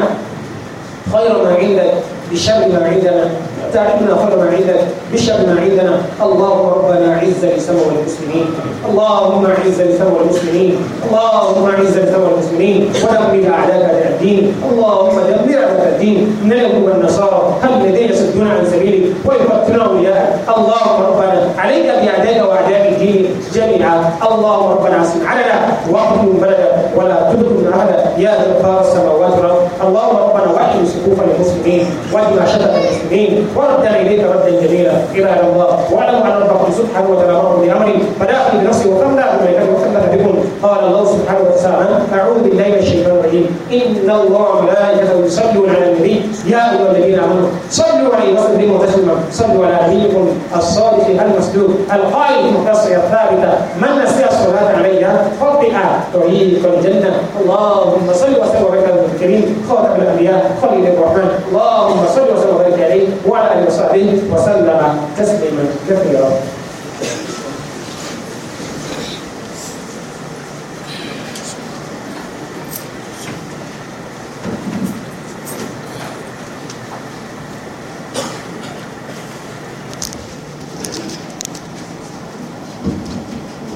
خير ما عندك بشر ما عندنا تاركنا خير ما عيدنا بشر ما عيدنا اللهم ربنا عز لسوى المسلمين اللهم عز لسوء المسلمين اللهم عز لسوى المسلمين ودمر اعداءك اعداء الدين اللهم دمر اعداءك الدين من النصارى والنصارى هم الذين يصدون عن سبيلك ويقتلون اولياءك اللهم ربنا عليك باعدائك واعداء الدين جميعا اللهم ربنا عصم علنا واحكم بلدا ولا تبقى يا غفار السماوات والارض اللهم ربنا واحد صفوف المسلمين واجمع شتى المسلمين وابتغي اليك ردا جميلا إلى الله واعلموا ان ربكم سبحانه وتعالى امركم بامري فدعوا بنفسي وقبل بملكته وخلف بكم قال الله سبحانه وتعالى اعوذ بالله من الشيطان الرجيم ان الله ملائكته يصلون على النبي يا ايها الذين امنوا صلوا عليه وسلموا تسليما صلوا على نبيكم الصادق المسلوب القائل المختصر الثابته من نسي الصلاه عليها خطئ طريق الجنه اللهم صل وسلم وبارك الكريم خاتم الانبياء خليل الرحمن اللهم صل وسلم وبارك عليه وعلى اله وصحبه وسلم تسليما كثيرا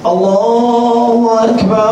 الله أكبر